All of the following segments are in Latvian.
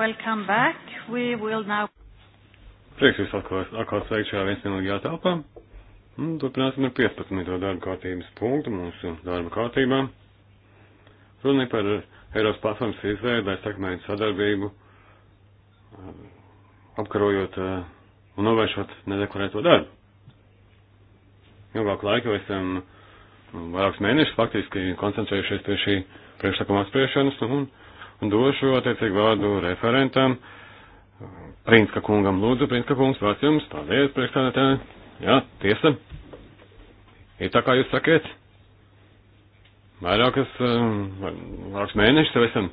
Welcome back. We will now. Prieks jūs atkal, atkal sveikt šajā viesmīlīgajā telpā. Un turpināsim ar 15. darba kārtības punktu mūsu darba kārtībā. Runa par Eiropas platformas izveidu, lai sekmētu sadarbību, eh, apkarojot eh, un novēršot nedeklarēto darbu. Ilgāk laika esam mm, vairākus mēnešus faktiski koncentrējušies pie šī priekšlikuma apspriešanas un, un došu attiecīgi vārdu referentam. Prinska kungam lūdzu, Prinska kungs, vārds jums, paldies, priekšstādātāji. Jā, tiesa. Ir tā kā jūs sakiet. Vairākas, eh, vairākas mēnešus jau esam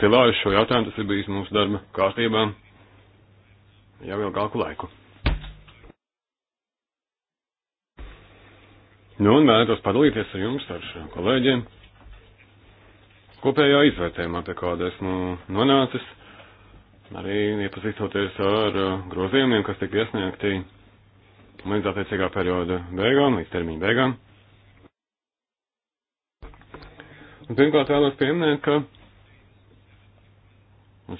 cilājuši šo jautājumu, tas ir bijis mūsu darba kārtībā jau ilgāku laiku. Nu, un vēlētos padalīties ar jums, ar kolēģiem kopējā izvērtējumā, pie kāda esmu nonācis, arī iepazīstoties ar uh, grozījumiem, kas tika iesniegti līdz attiecīgā perioda beigām, līdz termiņa beigām. Un pirmkārt vēlos pieminēt, ka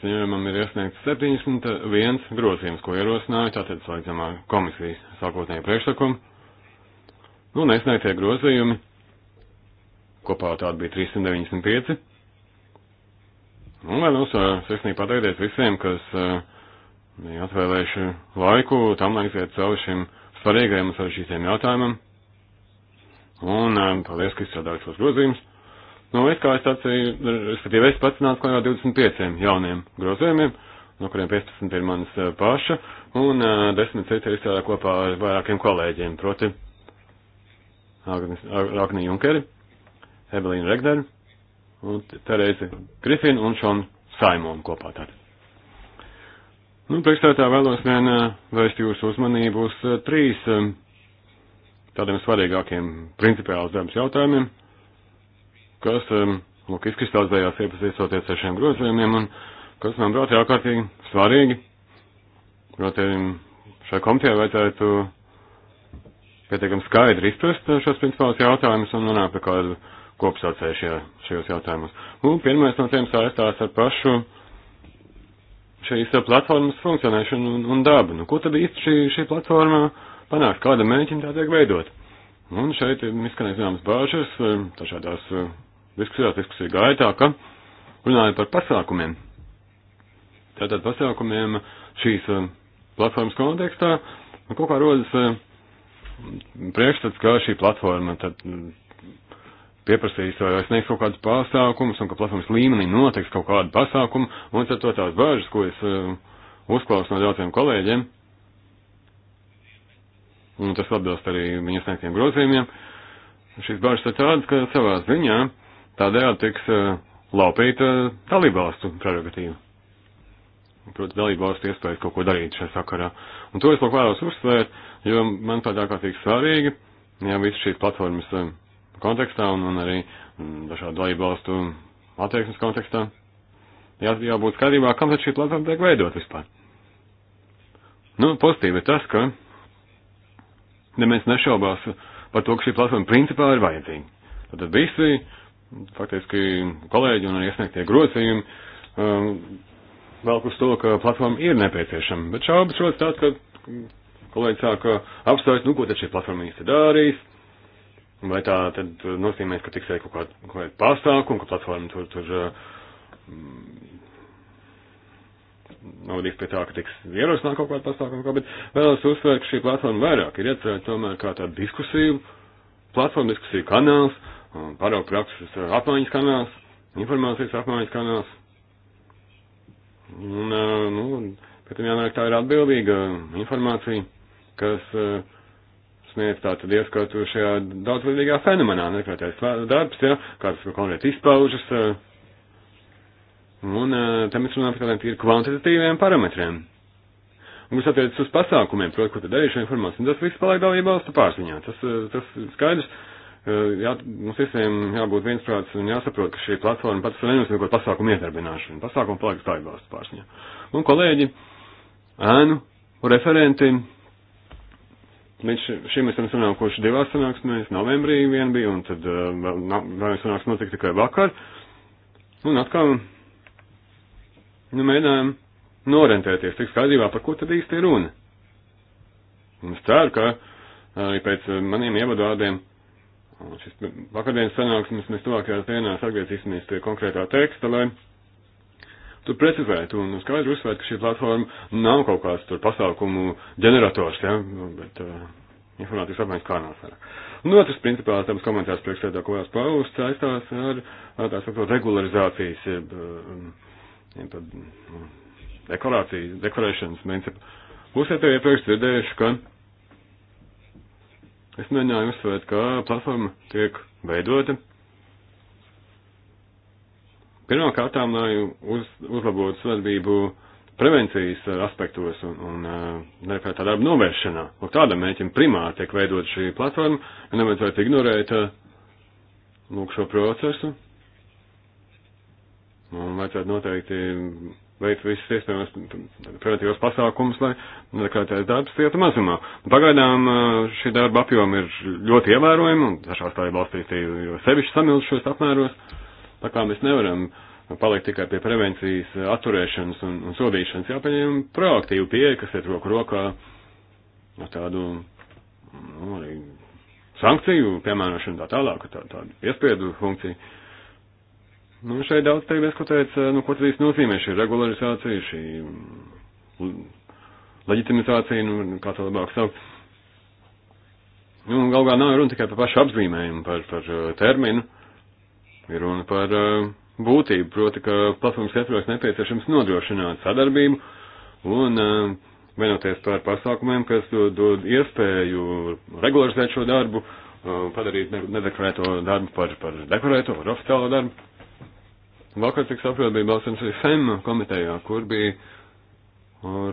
ziņojumam ir iesniegts 71 grozījums, ko ierosināja tātad slēdzamā komisijas sākotnēja priekšsakuma. Nu, nesniegtie grozījumi kopā tādi bija 395 Un nu, vēlos sirsnīgi pateikties visiem, kas bija atvēlējuši laiku tam, lai iziet cauri šim svarīgajam un sarežģītajam jautājumam. Un paldies, ka izstrādājāt šos grozījumus. Nu, es kā es sacīju, respektīvi, es pats nāku klajā 25 jauniem grozījumiem, no kuriem 15 ir manas paša, un 10 citi ir izstrādāti kopā ar vairākiem kolēģiem, proti Agni Junkeri, Evelīnu Regneru un Tereza Grifina un Šona Saimona kopā tātad. Nu, priekšstādā vēlos vien vērst jūsu uzmanību uz trīs tādiem svarīgākiem principiāls darbs jautājumiem, kas, lūk, izkristalizējās iepazīstoties ar šiem grozījumiem un kas, manuprāt, ir ārkārtīgi svarīgi. Proti, šai komitē vajadzētu pietiekami skaidri izprast šos principālus jautājumus un nonākt pie kādu kopsaucēju šajā, šajos jautājumos. Un nu, pirmais no tiem saistās ar pašu šīs platformas funkcionēšanu un, un dabu. Nu, ko tad īsti šī, šī platforma panāk? Kāda mēģina tā tiek veidot? Un šeit izskanēja zināmas bāžas, tašādās eh, eh, diskusijās, diskusiju gaitā, ka runāja par pasākumiem. Tātad pasākumiem šīs eh, platformas kontekstā nu, kaut kā rodas priekšstats, ka šī platforma tad pieprasījis vai sniegs kaut kādus pasākumus un ka platformas līmenī notiks kaut kādu pasākumu, un tad to tās bažas, ko es uh, uzklausu no daudziem kolēģiem, un tas atbilst arī viņu sniegtiem grozījumiem, šīs bažas ir tādas, ka savā ziņā tādējādi tiks uh, laupīta uh, dalībvalstu prerogatīva. Protams, dalībvalstu iespējas kaut ko darīt šajā sakarā. Un to es vēl vēlos uzsvērt, jo man tā kā tik svarīgi, ja visas šīs platformas uh, kontekstā un, un arī mm, dažādu dalību valstu attieksmes kontekstā. Jā, jābūt skatībā, kam tad šī platforma tiek veidot vispār. Nu, pozitīvi ir tas, ka neviens ja nešaubās par to, ka šī platforma principā ir vajadzīga. Tad visi, faktiski kolēģi un arī iesniegtie grozījumi, um, velk uz to, ka platforma ir nepieciešama. Bet šaubas rodas tāds, ka kolēģi sāk uh, apstāst, nu, ko tad šī platforma īsti darīs, Vai tā tad nozīmē, ka tiks veikt kaut kāda, kaut kāda pasākuma, ka platforma tur, tur mm, novadīs pie tā, ka tiks ierosināt kaut kādu pasākumu, kā, bet vēlos uzsvērt, ka šī platforma vairāk ir iecerēta tomēr kā tāda diskusija, platforma diskusija kanāls, um, paraugu prakses apmaiņas kanāls, informācijas apmaiņas kanāls. Un, uh, nu, pēc tam jānāk tā ir atbildīga informācija, kas uh, sniedz tātad ieskatu šajā daudzveidīgā fenomenā, nekādais darbs, ja, kāds konkrēti izpaužas. Un te mēs runājam par tādiem tīri kvantitatīviem parametriem. Un kas attiecas uz pasākumiem, proti, ko tad darīja šo informāciju, tas viss paliek dalība valstu pārziņā. Tas, tas skaidrs, jā, mums visiem jābūt viensprāts un jāsaprot, ka šī platforma pats nenozīmē kaut pasākumu iedarbināšanu. Pasākumu paliek dalība valstu pārziņā. Un kolēģi, ēnu, referenti, Mēs šī mēs esam sanākuši divās sanāksmēs, novembrī vien bija, un tad uh, vēl viena sanāksme notika tikai vakar. Un atkal, nu, mēģinājām norentēties, tik skaidrībā, par ko tad īsti ir runa. Un es ceru, ka uh, arī pēc uh, maniem ievadvārdiem šis vakardienas sanāksmes mēs tuvākajās dienās atgriezīsimies pie konkrētā teksta, lai tur precizēt un skaidri uzsvērt, ka šī platforma nav kaut kāds tur pasākumu ģenerators, ja, bet uh, informācijas apmaiņas kanāls. Nu, otrs principā tams komentārs priekšsēdā, ko jās paust, saistās ar, ar tā sakot, regularizācijas, jeb, um, jeb tad, nu, deklarācijas, deklarēšanas principu. Būsiet jau iepriekš dzirdējuši, ka es mēģināju uzsvērt, ka platforma tiek veidota Pirmkārt, lai uz, uzlabotu sadarbību prevencijas aspektos un, un eh, nereferētā darba novēršanā. Lūk, tādam mēķim primāri tiek veidot šī platforma, ja nevajadzētu ignorēt eh, lūk šo procesu. Un vajadzētu noteikti veikt visus iespējamos preventīvos pasākumus, lai nekādais darbs cietu mazumā. Pagaidām eh, šī darba apjoma ir ļoti ievērojama, un dažās tā ir valstīs jau sevišķi samildušos apmēros. Tā kā mēs nevaram palikt tikai pie prevencijas, atturēšanas un, un sodīšanas, jāpieņem proaktīvu pieeja, kas iet roku rokā ar tādu, nu, arī sankciju piemērošanu tā tālāk, tā, tādu iespiedu funkciju. Nu, šeit daudz tiek diskutēts, nu, ko tas īsti nozīmē šī regularizācija, šī leģitimizācija, nu, kā to labāk saukt. Nu, galvā nav runa tikai par pašu apzīmējumu, par, par uh, terminu ir runa par eh, būtību, proti, ka platformas ietvaros nepieciešams nodrošināt sadarbību un eh, vienoties par pasākumiem, kas dod iespēju regularizēt šo darbu, eh, padarīt nedeklarēto darbu par, par deklarēto, par oficiālo darbu. Vakar, cik saprotu, bija balsojums arī FEM komitejā, kur bija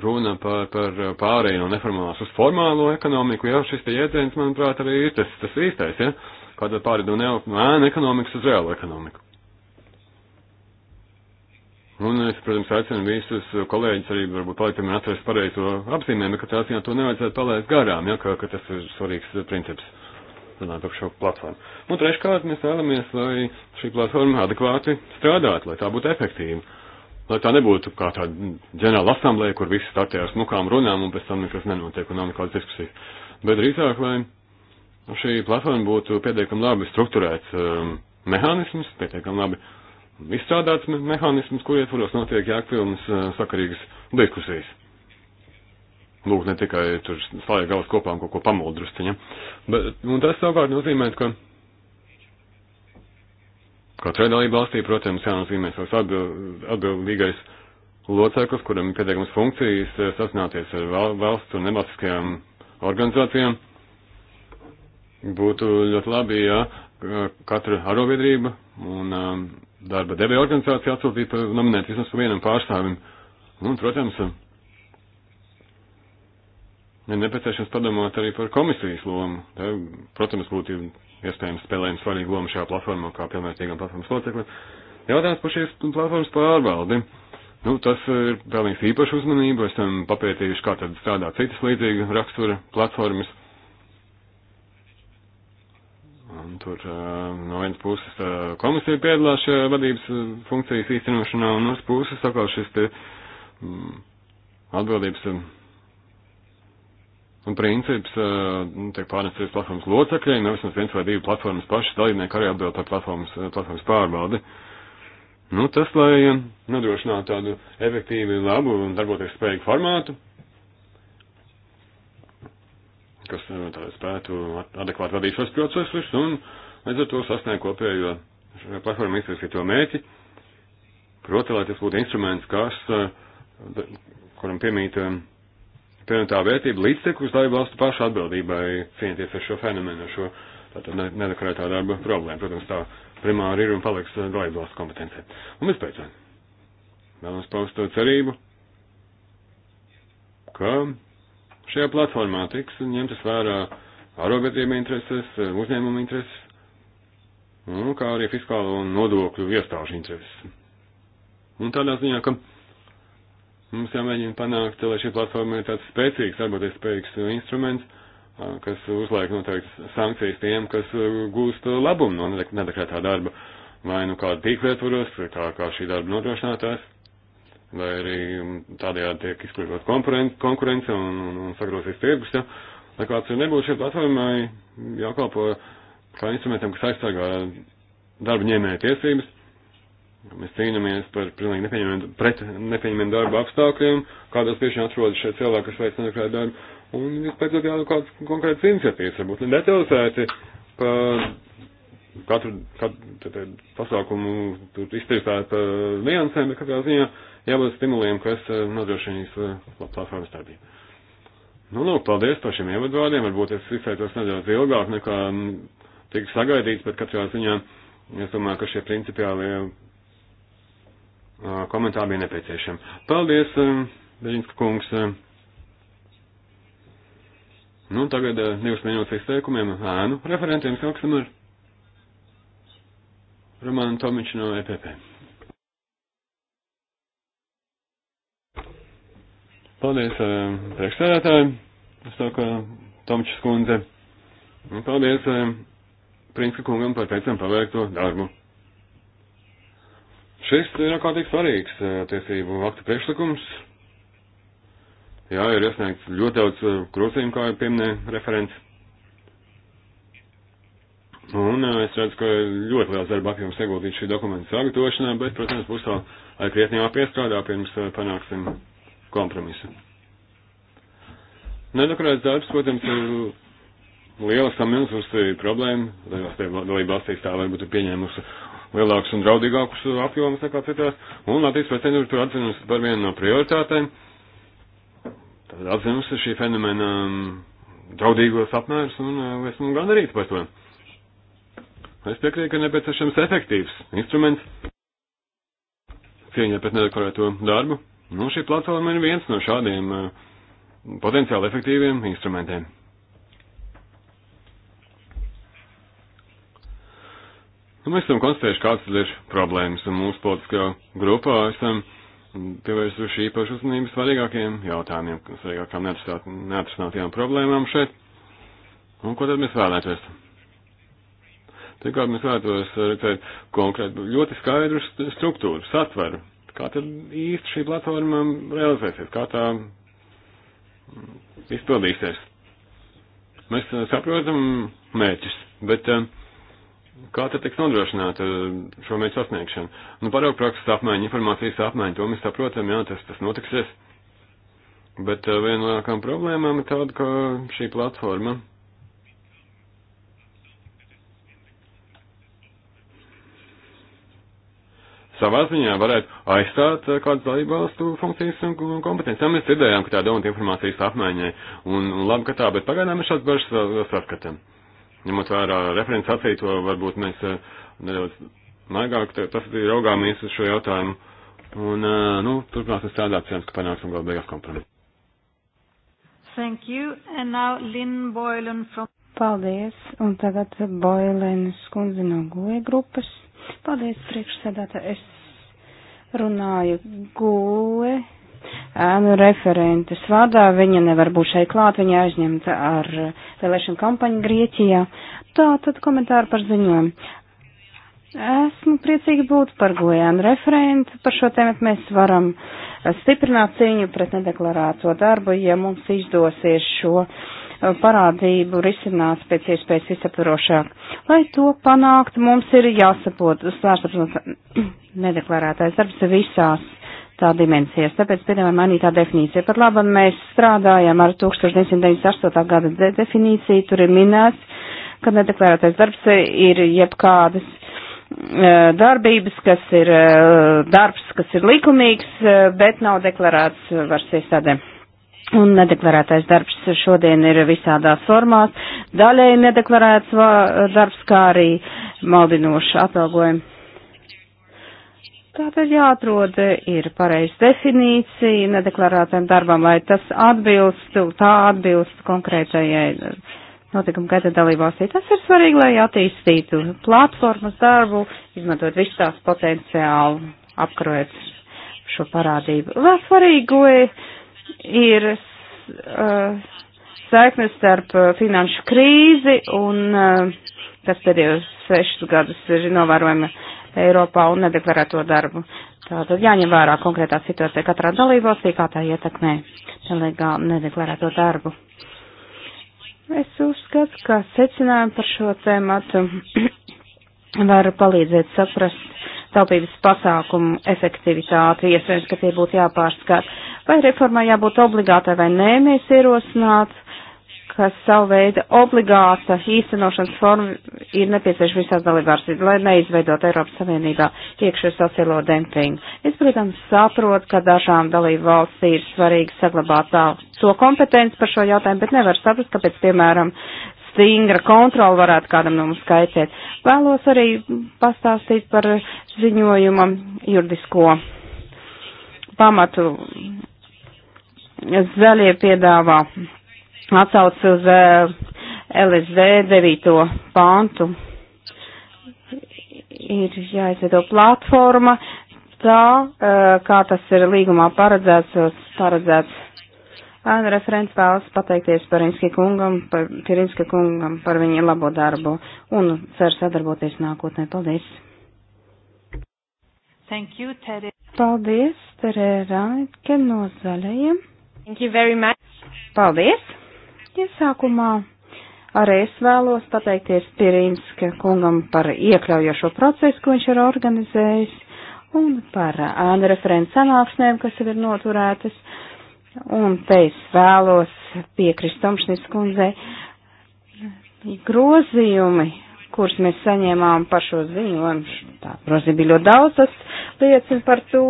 runa par, par pārēju no neformālās uz formālo ekonomiku. Jā, šis te jēdziens, manuprāt, arī ir tas, tas īstais, ja? kāda pārēd no ēna ekonomikas uz reālu ekonomiku. Un es, protams, aicinu visus kolēģis arī varbūt palikt, piemēram, atrast pareizo apzīmējumu, ka tā ziņā to nevajadzētu palaist garām, ja, ka, ka tas ir svarīgs princips runāt par šo platformu. Un treškārt mēs vēlamies, lai šī platforma adekvāti strādātu, lai tā būtu efektīva. Lai tā nebūtu kā tāda ģenerāla asamblēja, kur visi startē ar smukām runām un pēc tam nekas nenotiek un nav nekādas diskusijas. Bet drīzāk, lai Nu, šī platforma būtu pietiekami labi strukturēts um, mehānisms, pietiekami labi izstrādāts me mehānisms, kur ietvaros notiek jākpilnas uh, sakarīgas diskusijas. Lūk, ne tikai tur slēja galvas kopā un kaut ko pamuldrustiņa. Bet, un tas savukārt nozīmē, ka katrai dalība valstī, protams, jānozīmē savs atbild, atbildīgais loceklis, kuram ir pietiekamas funkcijas uh, sasināties ar valsts un nevalstiskajām organizācijām Būtu ļoti labi, ja katra arobiedrība un um, darba devēja organizācija atsūtītu nominēt vismaz vienam pārstāvim. Un, protams, ir nepieciešams padomāt arī par komisijas lomu. Te, protams, būtu iespējams spēlējums svarīga loma šajā platformā, kā pilnvērtīgam platformas loceklim. Jautājums par šīs platformas pārvaldi. Nu, tas ir pelnījis īpašu uzmanību. Esam papētījuši, kā tad strādā citas līdzīga rakstura platformas. Un tur no vienas puses komisija piedalās šajā vadības funkcijas īstenošanā, un no otras puses atkal šis te mm, atbildības un princips tiek pārnests uz platformas locekļiem, nevis no viens vai divi platformas pašas dalībnieki arī atbild par platformas, platformas pārbaudi. Nu, tas, lai nodrošinātu tādu efektīvu, labu un darboties spējīgu formātu, kas nu, spētu adekvāti vadīt šos procesus un līdz ar to sasniegt kopējo platformu izvirzīto mērķi. Proti, lai tas būtu instruments, kas, eh, kuram piemīt eh, pievienotā vērtība līdztekus dalību valstu pašu atbildībai cīnīties ar šo fenomenu, ar šo tātad nedekorētā darba problēmu. Protams, tā primāri ir un paliks eh, dalību valstu kompetencija. Un vispēc, vēlams paust cerību, ka Šajā platformā tiks ņemtas vērā arobiedrība intereses, uzņēmuma intereses, nu, kā arī fiskālo un nodokļu iestāžu intereses. Un tādā ziņā, ka mums jāmēģina panākt, lai šī platforma ir tāds spēcīgs, darboties spējīgs instruments, kas uzlaik noteikti sankcijas tiem, kas gūst labumu no nedekrētā darba, vai nu kādu tīklieturos, kā, kā šī darba nodrošinātājs vai arī tādējādi tiek izkliedot konkurence un, un, un sagrozīs tirgus. Ja? Lai kāds ir nebūtu šie platformai jākalpo kā instrumentam, kas aizsargā darba ņēmēja tiesības. Mēs cīnāmies par pilnīgi nepieņemiem, pret nepieņemiem darba apstākļiem, kādos tieši atrodas šie cilvēki, kas veic nedekrētu darbu. Un pēc tam jādu kādas konkrētas iniciatīvas, varbūt detalizēti par katru, katru pasākumu tur iztirzāt uh, niansēm, bet katrā ziņā jābūt stimuliem, kas uh, nodrošinīs uh, platformas darbību. Nu, lūk, paldies par šiem ievadvārdiem. Varbūt es izteicos nedaudz ilgāk nekā mm, tika sagaidīts, bet katrā ziņā es domāju, ka šie principiālie uh, komentāri bija nepieciešami. Paldies, uh, Beļinska kungs. Uh, Nu, tagad uh, divas minūtes izteikumiem ēnu referentiem sāksim ar Roman Tomič no EPP. Paldies eh, priekšstādātājiem, es to, ka Tomičs kundze. Un paldies eh, Prinska kungam par teicam paveikto darbu. Šis ir ārkārtīgi svarīgs eh, tiesību aktu priekšlikums. Jā, ir iesniegts ļoti daudz krūzīm, kā jau pieminēja referents. Un eh, es redzu, ka ļoti liels darba apjoms ieguldīts šī dokumenta sagatavošanā, bet, protams, būs vēl krietni jāpiestrādā, pirms eh, panāksim kompromisu. Nedekorēts darbs, protams, ir liela samilzusi problēma. Lielās dalība valstīs tā varbūt ir pieņēmusi lielākus un draudīgākus apjomus nekā citās. Un Latvijas pretendūra tur atzinusi par vienu no prioritātēm. Tad atzinusi šī fenomena um, draudīgos apmērus un uh, esmu gandarīts par to. Uh, Es piekrītu, ka nepieciešams efektīvs instruments cīņā pret nedekorēto darbu. Nu, šī platforma ir viens no šādiem uh, potenciāli efektīviem instrumentiem. Nu, mēs esam konstatējuši, kādas ir problēmas, un mūsu politiskajā grupā esam pievērsuši īpašu uzmanību svarīgākiem jautājumiem, svarīgākām neatrisinātajām problēmām šeit. Un ko tad mēs vēlētos? Tikā mēs vēlētos redzēt konkrēti ļoti skaidru struktūru, satveru, kā tad īsti šī platforma realizēsies, kā tā izpildīsies. Mēs eh, saprotam mērķus, bet eh, kā tad tiks nodrošināta eh, šo mērķu sasniegšana? Nu, paraugu prakses apmaiņa, informācijas apmaiņa, to mēs saprotam, jā, tas, tas notiksies. Bet viena no lielākām problēmām ir tāda, ka šī platforma savā ziņā varētu aizstāt eh, kādas dalībvalstu funkcijas un, un kompetences. Jā, mēs dzirdējām, ka tā doma informācijas apmaiņai, un, un labi, ka tā, bet pagaidām mēs šāds bažas eh, saskatām. Ņemot vērā referents acīto, varbūt mēs eh, nedaudz maigāk tas ir raugāmies uz šo jautājumu. Un, nu, turpināsim strādāt, cerams, ka panāksim galu beigās kompromisu. Thank you. And now Lynn Boylan from Paldies, un tagad Boilēnas kundze no goja grupas. Paldies, priekšsēdētā, es runāju goja ēnu referentes vārdā. Viņa nevar būt šeit klāt, viņa aizņemta ar vēlēšanu kampaņu Grieķijā. Tā tad komentāri par ziņojumu. Esmu priecīgi būt par gojānu referentu. Par šo tēmu mēs varam stiprināt cīņu pret nedeklarēto darbu, ja mums izdosies šo uh, Uh, parādību risinās pēc iespējas visaptvarošāk. Lai to panākt, mums ir jāsaprot, sārsaprot nedeklarētais darbs visās tā dimensijas. Tāpēc, piemēram, mainītā definīcija. Pat labi, mēs strādājam ar 1998. gada de definīciju, tur ir minēts, ka nedeklarētais darbs ir jebkādas uh, darbības, kas ir uh, darbs, kas ir likumīgs, bet nav deklarēts varas iestādēm. Un nedeklarētais darbs šodien ir visādās formās. Daļēji nedeklarēts darbs, kā arī maldinoši atalgojumi. Tātad jāatrod ir pareiz definīcija nedeklarētam darbam, lai tas atbilstu, tā atbilstu konkrētajai notikuma gaita dalībvalstī. Tas ir svarīgi, lai attīstītu platformas darbu, izmantot visu tās potenciālu, apkarojot šo parādību. Vēl svarīgi, lai ir uh, saiknes starp uh, finanšu krīzi un uh, kas pēdējos sešus gadus ir novērojama Eiropā un nedeklarēto darbu. Tātad jāņem vērā konkrētā situācija katrā dalībvalstī, kā tā ietekmē nelegāli nedeklarēto darbu. Es uzskatu, ka secinājumi par šo tēmatu var palīdzēt saprast taupības pasākumu efektivitāti, iespējams, ka tie būtu jāpārskat. Vai reformai jābūt obligātai vai nē, mēs ierosināt, ka savu veidu obligāta īstenošanas forma ir nepieciešama visās dalībvalstīs, lai neizveidot Eiropas Savienībā iekšējo sociālo dempingu. Es, protams, saprotu, ka dažām dalībvalstī ir svarīgi saglabāt tā, to kompetenci par šo jautājumu, bet nevar saprast, kāpēc, piemēram, stingra kontrola varētu kādam no mums kaitēt. Vēlos arī pastāstīt par ziņojuma juridisko pamatu zaļie piedāvā atsauc uz eh, LSD 9. pāntu. Ir jāizveido platforma, tā eh, kā tas ir līgumā paredzēts, paredzēts Ēna referents vēlas pateikties Parinski kungam, par, Pirinska kungam par viņa labo darbu un cer sadarboties nākotnē. Paldies! Thank you, Tere. Paldies, Tere Raitke no zaļajiem. Thank you very much. Paldies. Iesākumā arī es vēlos pateikties Pirinska kungam par iekļaujošo procesu, ko viņš ir organizējis, un par ēnu referents sanāksmēm, kas jau ir noturētas. Un te es vēlos piekrist Tomšnis kundzei. Grozījumi kurus mēs saņēmām par šo ziņojumu, tā, protams, bija ļoti daudz, tas liecina par to,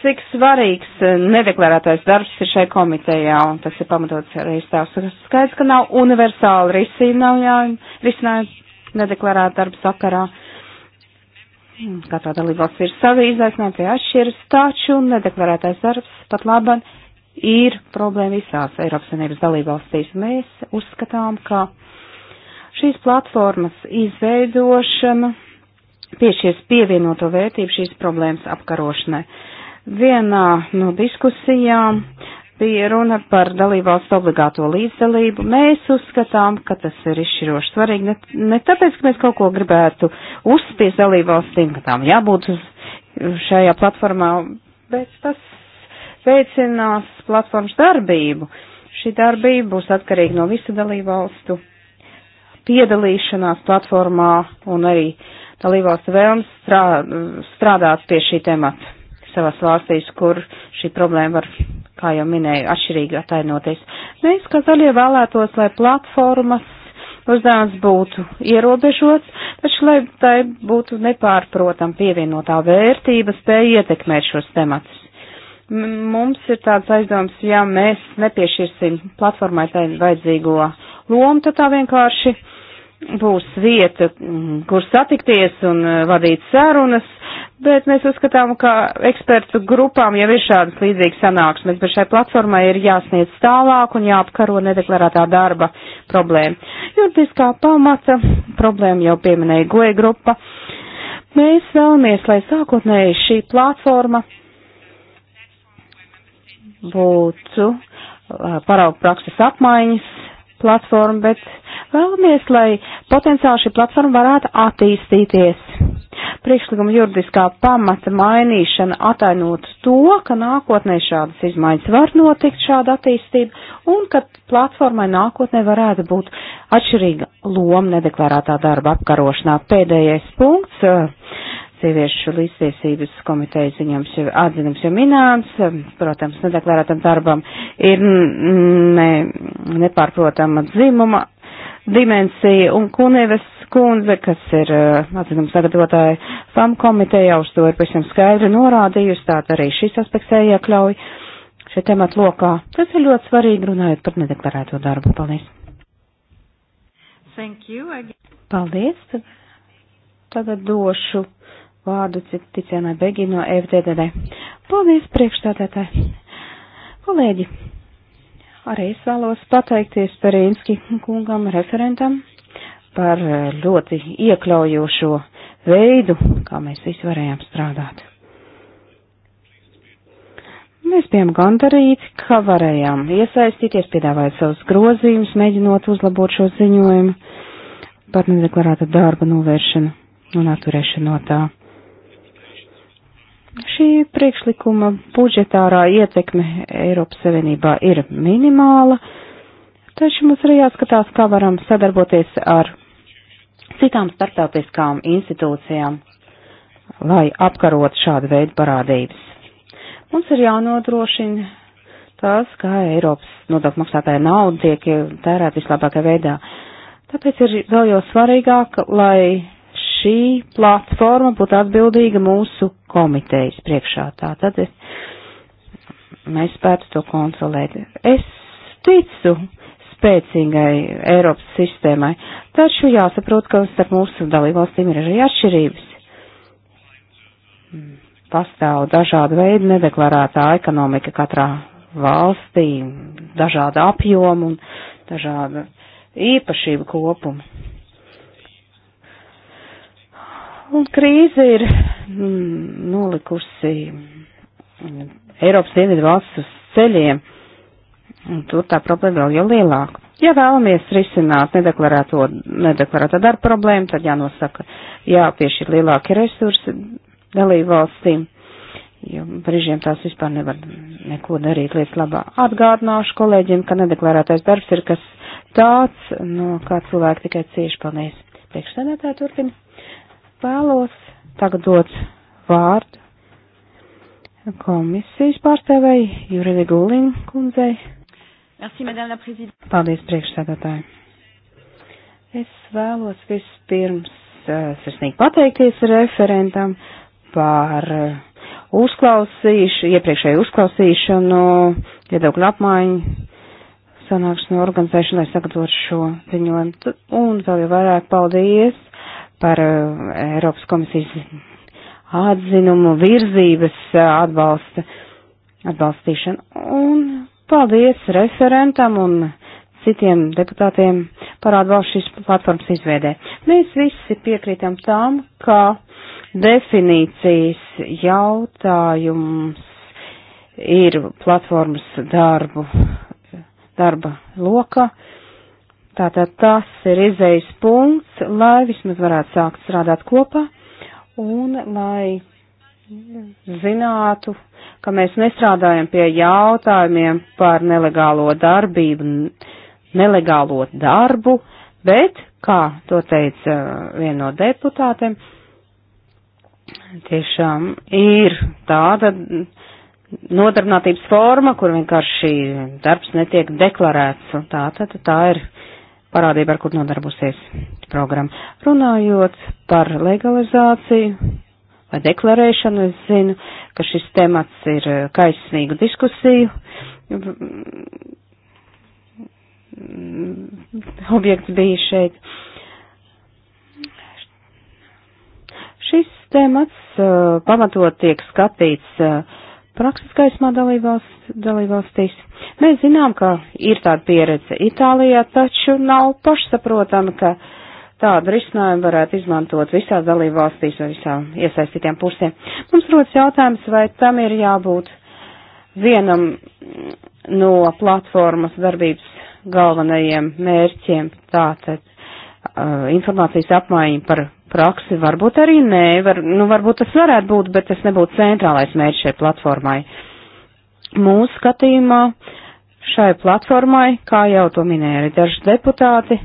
cik svarīgs eh, nedeklarētais darbs ir šai komitejā, un tas ir pamatots arī stāvs. Skaidrs, ka nav universāli risinājumu nedeklarēta darba sakarā. Hmm, katrā dalībvalstī ir savi izaicinājumi, tie atšķiras, taču nedeklarētais darbs pat labam ir problēma visās Eiropas Savienības dalībvalstīs. Mēs uzskatām, ka Šīs platformas izveidošana piešies pievienoto vērtību šīs problēmas apkarošanai. Vienā no diskusijām bija runa par dalībvalstu obligāto līdzdalību. Mēs uzskatām, ka tas ir izšķiroši svarīgi ne, ne tāpēc, ka mēs kaut ko gribētu uzspiest dalībvalstīm, ka tām jābūt uz šajā platformā, bet tas veicinās platformas darbību. Šī darbība būs atkarīga no visu dalībvalstu piedalīšanās platformā un arī dalībvalstu vēlms strā, strādāt pie šī temata savās valstīs, kur šī problēma var, kā jau minēju, atšķirīgi atainoties. Mēs, kā zaļie, vēlētos, lai platformas uzdevums būtu ierobežots, taču lai tai būtu nepārprotam pievienotā vērtība, spēja ietekmēt šos tematus. Mums ir tāds aizdoms, ja mēs nepiešķirsim platformai tai vajadzīgo lomu, tad tā vienkārši būs vieta, mm, kur satikties un e, vadīt sarunas, bet mēs uzskatām, ka ekspertu grupām jau ir šādas līdzīgas sanāksmes, bet šai platformai ir jāsniedz tālāk un jāapkaro nedeklarētā darba problēma. Juridiskā pamata problēma jau pieminēja goja grupa. Mēs vēlamies, lai sākotnēji šī platforma būtu e, paraugu prakses apmaiņas platforma, bet Vēlamies, lai potenciāli šī platforma varētu attīstīties. Priekšlikuma juridiskā pamata mainīšana atainot to, ka nākotnē šādas izmaiņas var notikt šāda attīstība un ka platformai nākotnē varētu būt atšķirīga loma nedeklarētā darba apkarošanā. Pēdējais punkts. Eh, sieviešu līdztiesības komitejas ziņojums jau atzinums jau minēts, eh, protams, nedeklarētam darbam ir mm, ne, nepārprotama dzimuma dimensiju, un Kunevas kundze, kas ir uh, atzinums sagatavotāja FAM komiteja, uz to ir pavisam skaidri norādījusi, tātad arī šis aspekts jāiekļauj šeit temata lokā. Tas ir ļoti svarīgi runājot par nedeklarēto darbu. Paldies! Thank you. Paldies! Tad, tagad došu vārdu Ticianai Begī no FDDD. Paldies, priekšstādētāji! Kolēģi! Arī es vēlos pateikties Perīnski kungam, referentam, par eh, ļoti iekļaujošo veidu, kā mēs visi varējām strādāt. Mēs bijām gandarīti, ka varējām iesaistīties, piedāvāt savus grozījumus, mēģinot uzlabot šo ziņojumu par nedeklarētu darba novēršanu un atturēšanu no tā. Šī priekšlikuma budžetārā ietekme Eiropas Savienībā ir minimāla, taču mums arī jāskatās, kā varam sadarboties ar citām starptautiskām institūcijām, lai apkarot šādu veidu parādības. Mums ir jānodrošina tas, kā Eiropas nodokļu maksātāja nauda tiek tērēta vislabākajā veidā. Tāpēc ir vēl jau svarīgāk, lai šī platforma būtu atbildīga mūsu komitejas priekšā. Tā tad es, mēs spētu to kontrolēt. Es ticu spēcīgai Eiropas sistēmai, taču jāsaprot, ka starp mūsu dalībvalstīm ir arī atšķirības. Pastāv dažādi veidi nedeklarētā ekonomika katrā valstī, dažāda apjoma un dažāda īpašība kopuma. Un nu, krīze ir mm, nolikusi Eiropas dienvidu valsts uz ceļiem, un tur tā problēma vēl jau lielāka. Ja vēlamies risināt nedeklarēto, nedeklarēto darba problēmu, tad jānosaka, jāpiešķir lielāki resursi dalību valstīm, jo brīžiem tās vispār nevar neko darīt lietas labā. Atgādināšu kolēģiem, ka nedeklarētais darbs ir kas tāds, no kā cilvēki tikai cieši palnēs. Priekšsēdētāji turpina. Vēlos tagad dot vārdu komisijas pārstāvēji Jurili Gulin kundzei. Merci, madame la présidente. Paldies, priekšsēdētāji. Es vēlos vispirms uh, sirsnīgi pateikties referentam par uh, uzklausīšu, iepriekšēju uzklausīšanu, viedokļu apmaiņu, sanākšanu organizēšanu, lai sagatavotu šo ziņojumu. Un vēl jau vairāk paldies par eh, Eiropas komisijas atzinumu virzības eh, atbalsta, atbalstīšanu. Un paldies referentam un citiem deputātiem par atbalstu šīs platformas izveidē. Mēs visi piekrītam tam, ka definīcijas jautājums ir platformas darbu, darba loka. Uh, Tātad tas ir izējas punkts, lai vismaz varētu sākt strādāt kopā un lai zinātu, ka mēs nestrādājam pie jautājumiem par nelegālo darbību, nelegālo darbu, bet, kā to teica uh, viena no deputātiem, tiešām ir tāda nodarbinātības forma, kur vienkārši darbs netiek deklarēts, un tā tad tā ir parādība, ar kur nodarbosies programma. Runājot par legalizāciju vai deklarēšanu, es zinu, ka šis temats ir eh, kaisnīgu diskusiju mm, objekts bija šeit. Šis temats uh, pamatot tiek skatīts uh, prakses gaismā dalībvalstīs. Mēs zinām, ka ir tāda pieredze Itālijā, taču nav pašsaprotami, ka tādu risinājumu varētu izmantot visās dalībvalstīs vai visām iesaistītiem pusēm. Mums rodas jautājums, vai tam ir jābūt vienam no platformas darbības galvenajiem mērķiem, tātad Eh, informācijas apmaiņa par praksi, varbūt arī nē, var, nu varbūt tas varētu būt, bet tas nebūtu centrālais mērķis šai platformai. Mūsu skatījumā šai platformai, kā jau to minēja arī daži deputāti,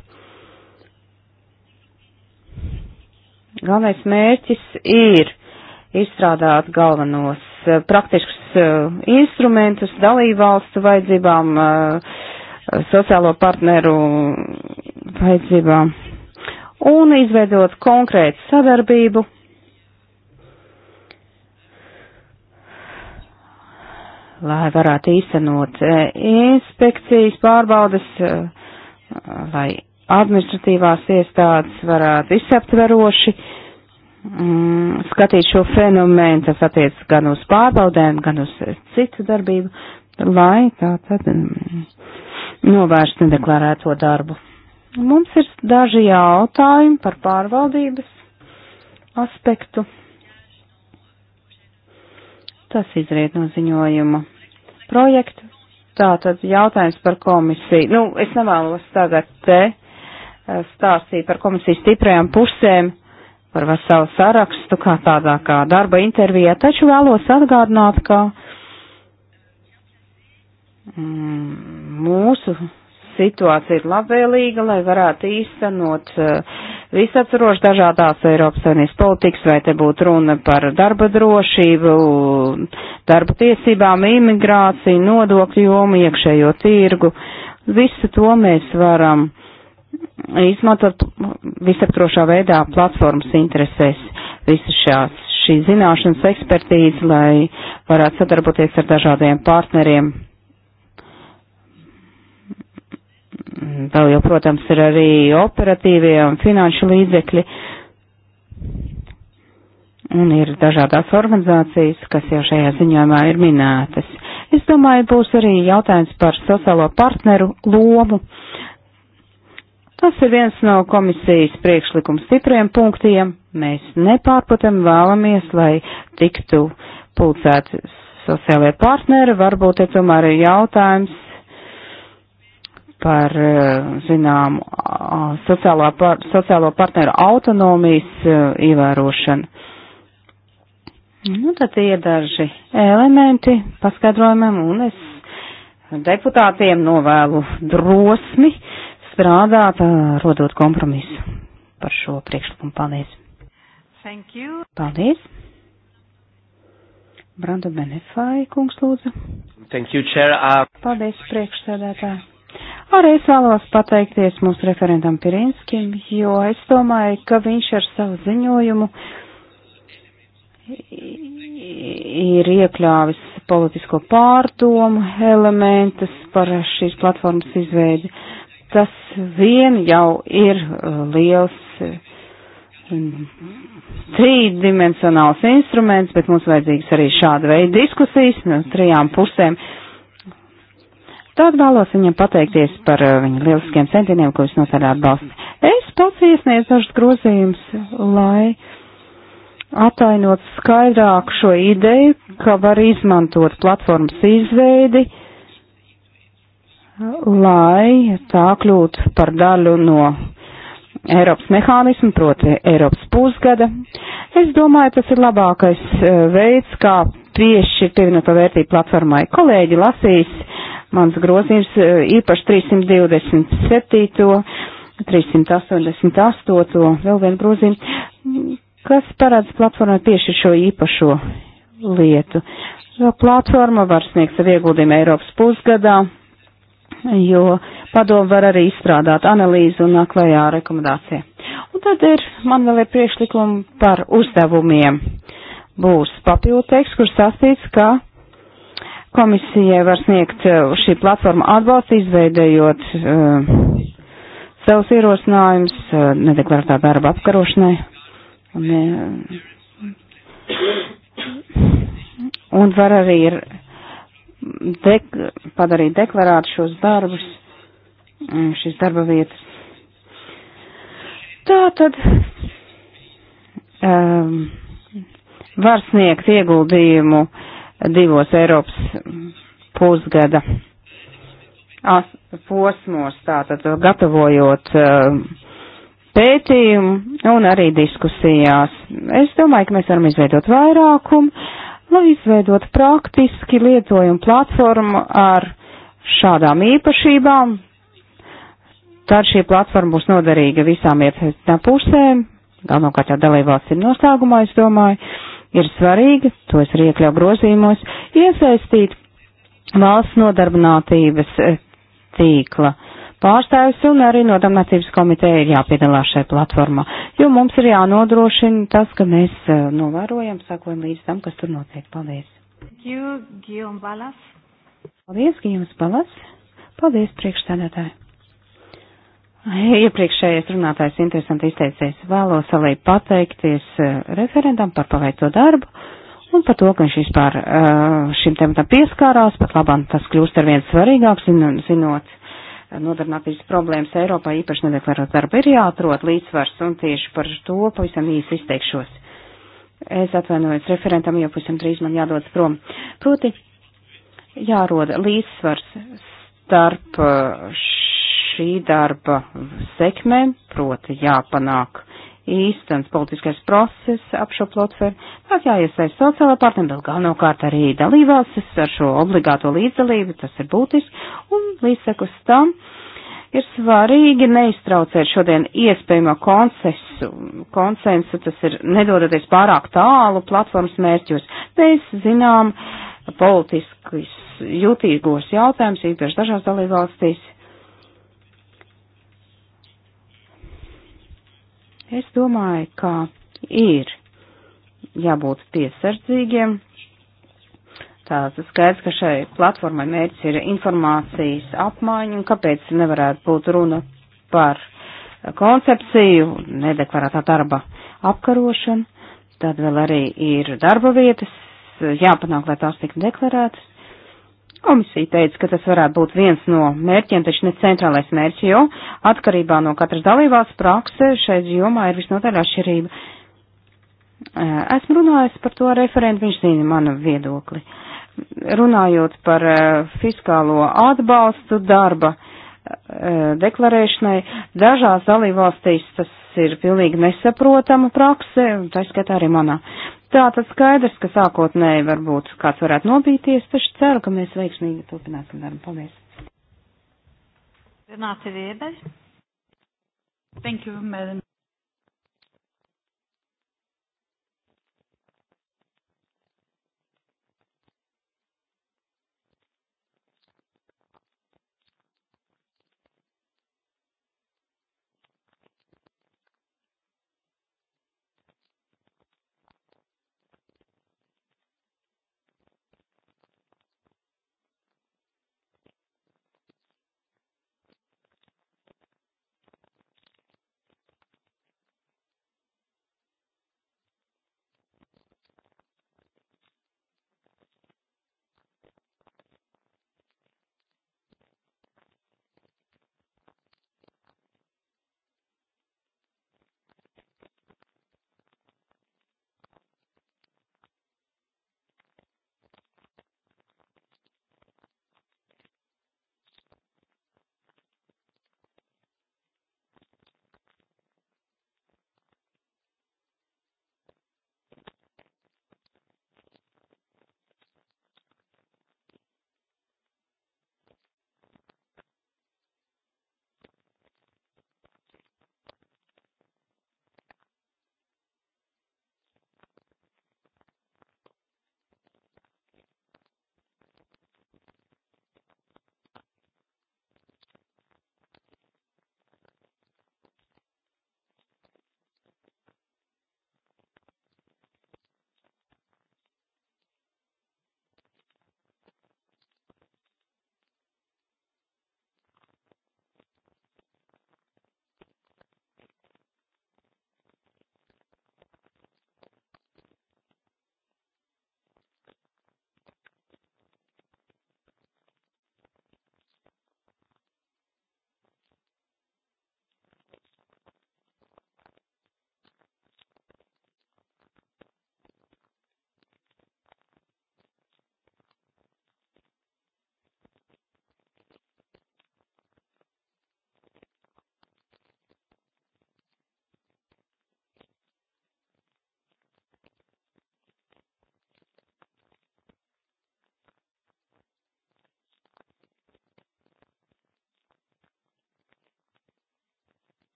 galvenais mērķis ir izstrādāt galvenos eh, praktiskus eh, instrumentus dalībvalstu vajadzībām, sociālo partneru vajadzībām un izveidot konkrētu sadarbību. Lai varētu īstenot eh, inspekcijas pārbaudas, eh, lai administratīvās iestādes varētu visaptveroši mm, skatīt šo fenomenu, tas attiec gan uz pārbaudēm, gan uz citu darbību, lai tā tad mm, novērst nedeklarēto darbu. Mums ir daži jautājumi par pārvaldības aspektu. Tas izriet no ziņojuma projekta. Tātad jautājums par komisiju. Nu, es nevēlos tagad te eh, stāstīt par komisijas stiprajām pusēm, par veselu sarakstu, kā tādā kā darba intervijā, taču vēlos atgādināt, ka mm, mūsu situācija ir labvēlīga, lai varētu īstenot eh, visaptvaroši dažādās Eiropas Savienības politikas, vai te būtu runa par darba drošību, darba tiesībām, imigrāciju, nodokļu jomu, iekšējo tirgu. Visu to mēs varam izmantot visaptrošā veidā platformas interesēs visas šās šī zināšanas ekspertīze, lai varētu sadarboties ar dažādiem partneriem Vēl jau, protams, ir arī operatīvie un finanšu līdzekļi. Un ir dažādās organizācijas, kas jau šajā ziņojumā ir minētas. Es domāju, būs arī jautājums par sociālo partneru lomu. Tas ir viens no komisijas priekšlikuma stipriem punktiem. Mēs nepārprotam vēlamies, lai tiktu pulcēti sociālajie partneri. Varbūt ir tomēr jautājums par, eh, zinām, sociālo, par, sociālo partneru autonomijas eh, ievērošanu. Nu, tad ir daži elementi paskaidrojumam, un es deputātiem novēlu drosmi strādāt, rodot kompromisu par šo priekšlikumu. Paldies! Thank you. Paldies! Branda Benefai, kungs lūdzu. Thank you, Chair. Uh... Paldies, priekšsēdētāji. Arī es vēlos pateikties mūsu referentam Pirinskim, jo es domāju, ka viņš ar savu ziņojumu ir iekļāvis politisko pārdomu elementus par šīs platformas izveidi. Tas vien jau ir uh, liels uh, trīdimensionāls instruments, bet mums vajadzīgs arī šāda veida diskusijas no trijām pusēm. Uh, Tad vēlos viņam pateikties par eh, viņa lieliskiem centieniem, ko jūs nosarāt balsts. Es pats iesniedzu dažus grozījumus, lai atainot skaidrāk šo ideju, ka var izmantot platformas izveidi, lai tā kļūtu par daļu no Eiropas mehānismu, proti Eiropas pusgada. Es domāju, tas ir labākais eh, veids, kā tieši pievienoto vērtību platformai. Kolēģi lasīs mans grozījums, eh, īpaši 327, 388, vēl vienu grozījumu, kas parāds platformai tieši šo īpašo lietu. Jo platforma var sniegt savu ieguldījumu Eiropas pusgadā, jo padomu var arī izstrādāt analīzi un naklējā rekomendācija. Un tad ir, man vēl ir priekšlikumi par uzdevumiem. Būs papildu teksts, kur sasīts, ka Komisijai var sniegt uh, šī platforma atbalstu, izveidējot uh, savus ierosinājumus uh, nedeklarētā darba apkarošanai. Un, uh, un var arī ir dek padarīt deklarēt šos darbus, um, šīs darba vietas. Tā tad um, var sniegt ieguldījumu uh, divos Eiropas pusgada As, posmos, tātad gatavojot uh, pētījumu un arī diskusijās. Es domāju, ka mēs varam izveidot vairākumu, lai izveidot praktiski lietojumu platformu ar šādām īpašībām. Tad šī platforma būs noderīga visām iesaistītām pusēm, galvenokārt jau dalībvalsts ir noslēgumā, es domāju. Uh, ir svarīgi, to es arī iekļauju grozījumos, iesaistīt valsts nodarbinātības e, tīkla pārstāvis un arī nodarbinātības komiteja ir jāpiedalās šajā platformā, jo mums ir jānodrošina tas, ka mēs e, novērojam, sakojam līdz tam, kas tur notiek. Paldies! You, Paldies, Gijoms Balas! Paldies, priekšstādātāji! Iepriekšējais runātājs interesanti izteicies. Vēlos arī pateikties eh, referendam par paveikto darbu un par to, ka viņš vispār eh, šim tematam pieskārās, pat labāk tas kļūst ar vien svarīgāks, zinot nodarbinātības problēmas Eiropā, īpaši nedeklarēt darbu, ir jāatrod līdzsvars un tieši par to pavisam īsi izteikšos. Es atvainojos referentam, jo pavisam drīz man jādodas prom. Proti, jāroda līdzsvars starp eh, šī darba sekmēm, proti jāpanāk īstens politiskais process ap šo platformu, tās jāiesaist sociālā partneri, bet galvenokārt arī dalībvalstis ar šo obligāto līdzdalību, tas ir būtiski, un līdzsekus tam ir svarīgi neiztraucēt šodien iespējamo konsesu, konsensu, tas ir nedodoties pārāk tālu platformas mērķos. Mēs zinām politiski jutīgos jautājumus, īpaši dažās dalībvalstīs Es domāju, ka ir jābūt piesardzīgiem. Tāds skaidrs, ka šai platformai mērķis ir informācijas apmaiņa, un kāpēc nevarētu būt runa par koncepciju, nedeklarētā darba apkarošanu, tad vēl arī ir darba vietas, jāpanāk, lai tās tiktu deklarētas. Komisija teica, ka tas varētu būt viens no mērķiem, taču ne centrālais mērķis, jo atkarībā no katras dalībās prakse šai jomā ir visnotaļ atšķirība. Eh, esmu runājis par to referentu, viņš zina manu viedokli. Runājot par eh, fiskālo atbalstu darba eh, deklarēšanai, dažās dalībvalstīs tas ir pilnīgi nesaprotama prakse, un tā skatā arī manā. Tā tad skaidrs, ka sākotnēji varbūt kāds varētu nobīties, taču ceru, ka mēs veiksmīgi turpināsim darbu. Paldies! Renāte Vēbers. Thank you, madam.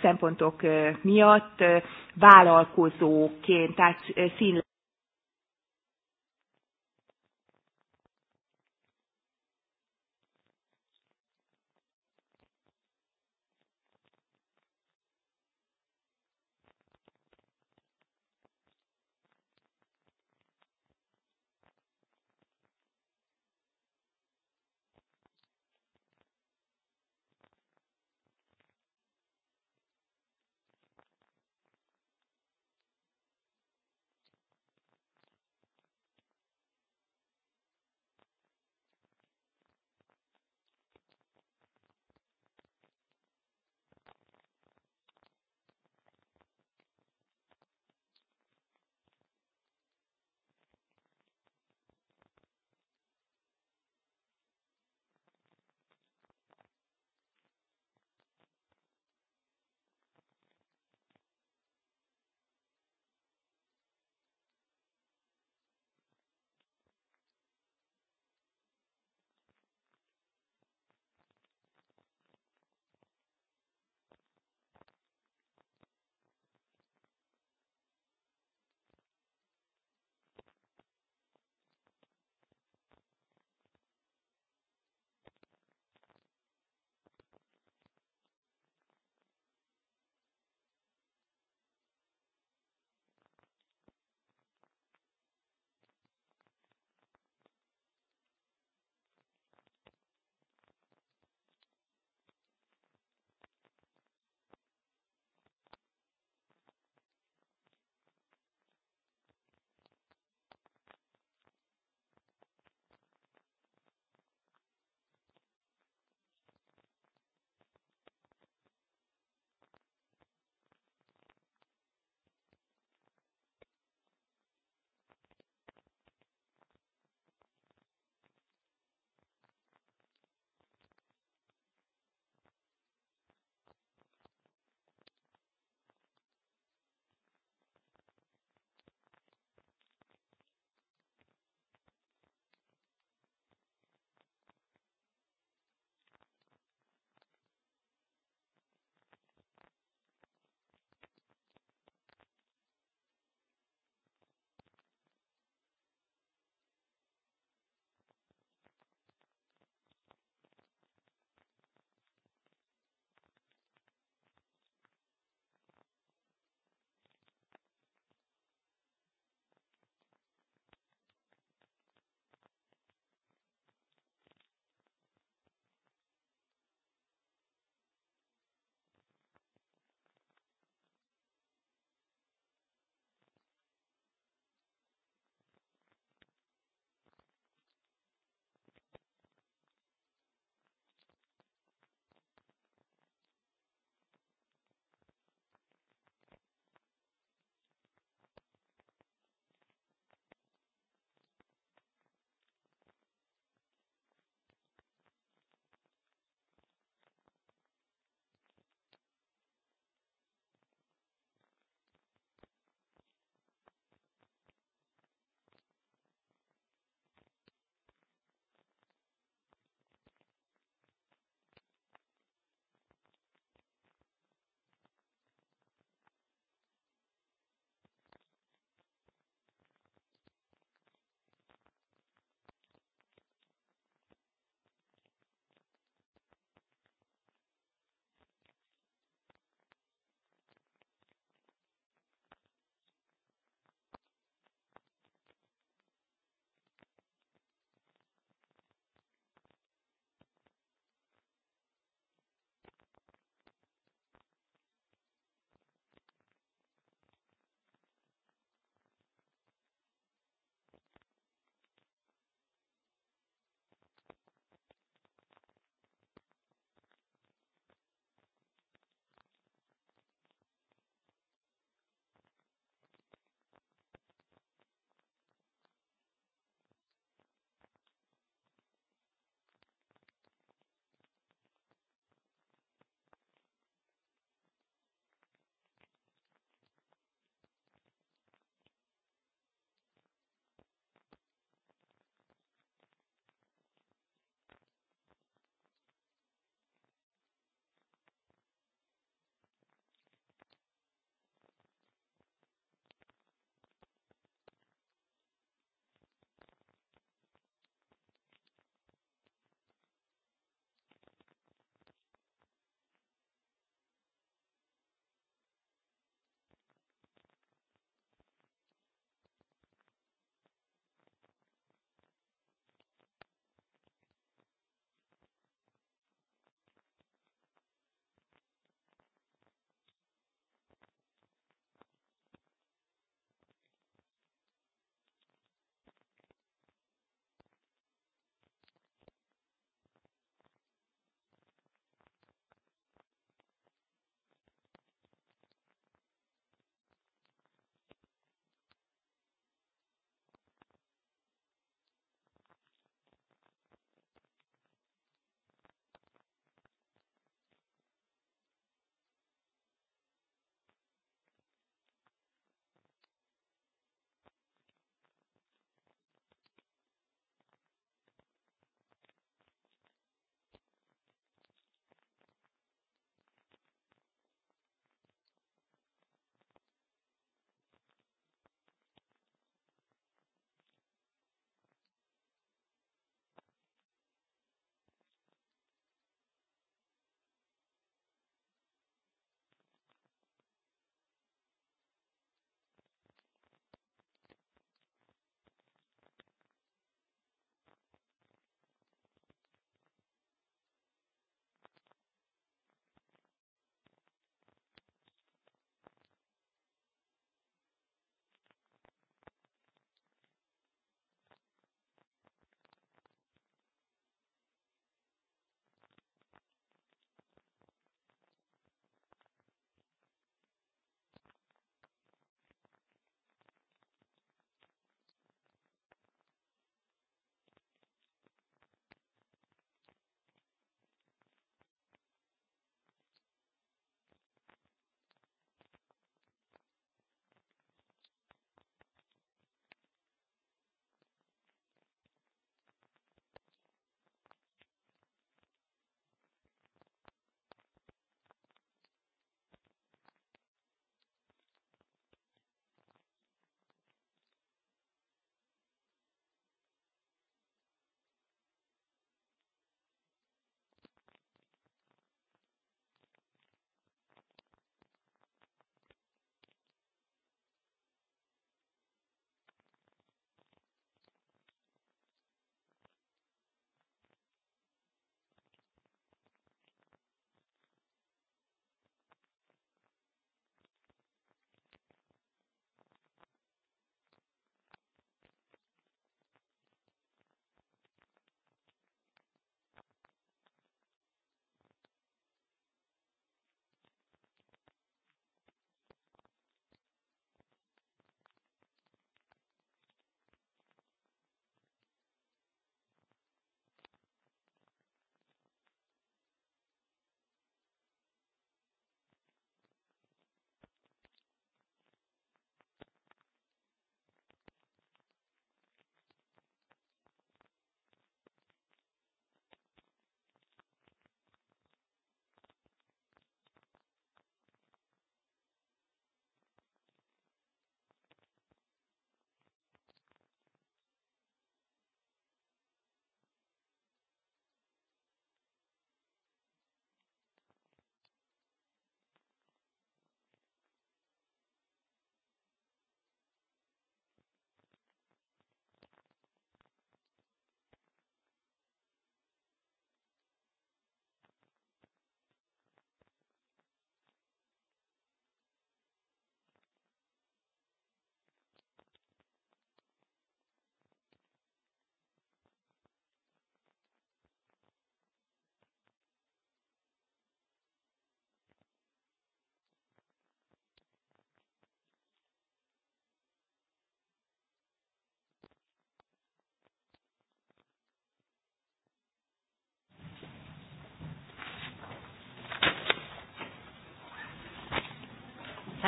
szempontok miatt vállalkozóként, tehát színle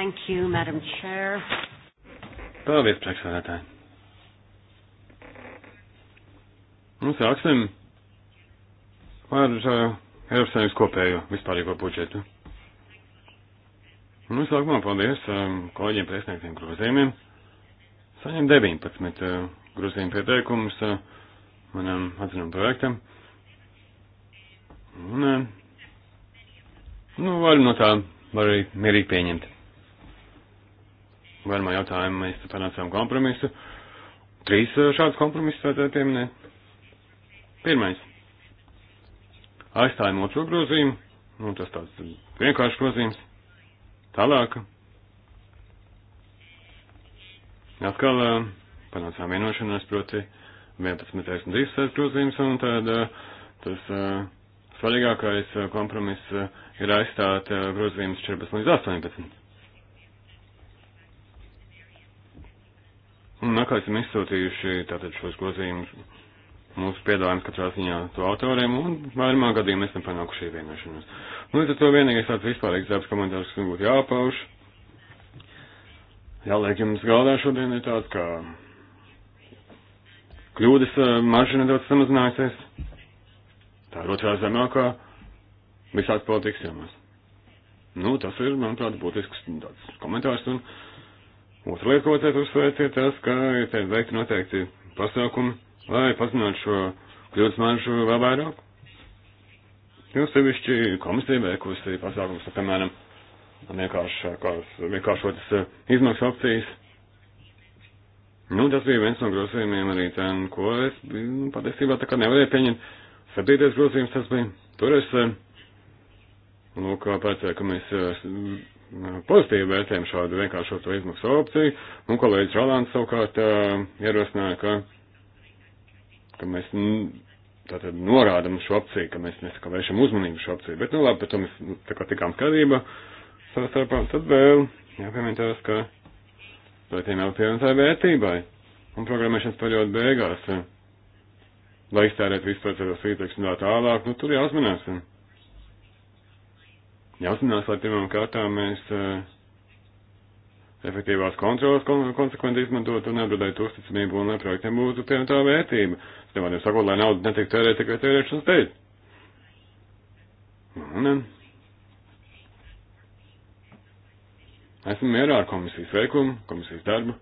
Thank you, Madam Chair. Paldies, priekšsēdētāji. Nu, sāksim ar uh, Eiropas Savienības kopējo vispārīgo budžetu. Nu, sākumā paldies um, kolēģiem par iesniegtiem grozījumiem. Saņem 19 uh, grozījumu pieteikumus uh, manam atzinam projektam. Un, uh, nu, varu no tā, var arī mierīgi pieņemt. Varmā jautājuma mēs panācām kompromisu. Trīs eh, šādus kompromisus vajadzētu pieminēt. Pirmais. Aizstājam otro grozījumu. Nu, tas tāds vienkāršs grozījums. Tālāk. Atkal uh, panācām vienošanos, proti 11. un 12. grozījums, un tad uh, tas uh, svarīgākais kompromiss ir aizstāt grozījums 14 līdz 18. Nākā esam izsūtījuši tātad šos grozījumus mūsu piedāvājums katrā ziņā to autoriem, un vairumā gadījumā esam panākuši vienošanos. Nu, tad to vienīgais tāds vispārīgs darbs komentārs, kas būtu jāpauž. Jāliek jums galdā šodien ir tāds, ka kļūdas eh, marža nedaudz samazinājusies. Tā ir otrā zemākā visās politikas jomās. Nu, tas ir, manuprāt, būtisks tāds komentārs, un Otra lieta, ko vajadzētu uzsvērt, ir tas, ka ir tiek veikti noteikti pasākumi, lai pazinātu šo kļūdas maržu vēl vairāk. Jo sevišķi komisija veikusi pasākums, piemēram, vienkāršotas eh, izmaksu opcijas. Nu, tas bija viens no grozījumiem arī tēm, ko es nu, patiesībā tā kā nevarēju pieņemt. Septītais grozījums tas bija. Tur es, eh, lūk, pēc, ka mēs eh, Mm, pozitīvi vērtējam šādu vienkāršoto izmaksu opciju, un nu, kolēģis Rolāns savukārt uh, ierosināja, ka, ka mēs tātad norādam šo opciju, ka mēs nesaka vēršam uzmanību šo opciju, bet, nu labi, par to mēs nu, tā kā tikām skatība savā starpā, tad vēl jāpiemina tas, ka lai tie nav pievienotāji vērtībai, un programmēšanas perioda beigās, lai iztērētu visu procesos līdzekļus un tā tālāk, nu tur jāuzmanās. Un, Jāuzzinās, lai pirmām kārtām mēs eh, efektīvās kontrolas konsekventi izmantot un atbildētu uzticamību un lai projektiem būtu pievienotā vērtība. Es domāju, sakot, lai nauda netiek tērēt tikai tērēšanas dēļ. Un, eh, esam mierā ar komisijas veikumu, komisijas darbu.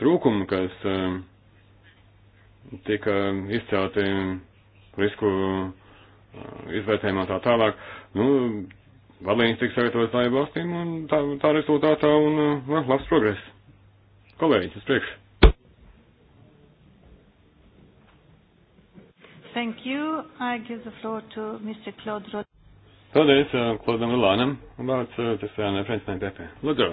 Trūkumu, kas eh, tika izcelti risku izvērtējumā tā tālāk. Nu, vadlīnijas tiks sagatavotas tā valstīm un tā, tā rezultātā un uh, labs progress. Kolēģis, uz priekšu. Thank you. I give the floor to Mr. Claude Rod. Paldies, eh, Klaudam Ilānam, un vārds Tisēnē Frenčnē Pepē. Lūdzu.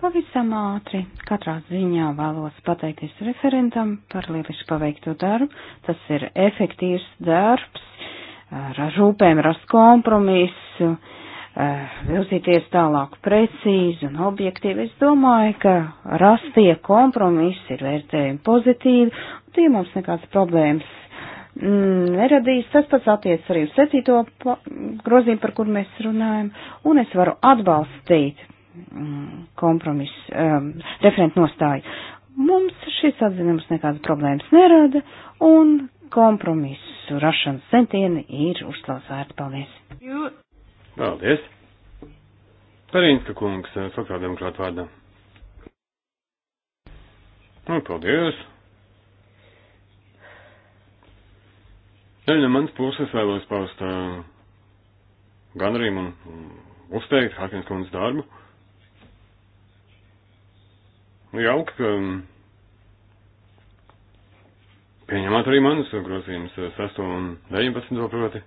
Pavisam ātri. Katrā ziņā vēlos pateikties referentam par lieliski paveikto darbu. Tas ir efektīvs darbs, ar rūpēm rast kompromisu, eh, vilzīties tālāk precīzi un objektīvi. Es domāju, ka rastie kompromisi ir vērtējumi pozitīvi, un tie mums nekādas problēmas Mm, neradīs. Tas pats attiec arī uz secīto grozījumu, par kur mēs runājam, un es varu atbalstīt mm, kompromisu, um, mm, referentu nostāju. Mums šis atzinums nekādas problēmas nerada, un kompromisu rašanas centieni ir uzklausvērti. Paldies! Jū. Paldies! Parīnska kungs, sociāldemokrāta vārdā. Nu, paldies! Ceļ no manas puses vēlos paust uh, gandarījumu un uzteikt Hakins kundzes darbu. Jauki, ka um, pieņemāt arī manas grozījumus 6 un 19 proti.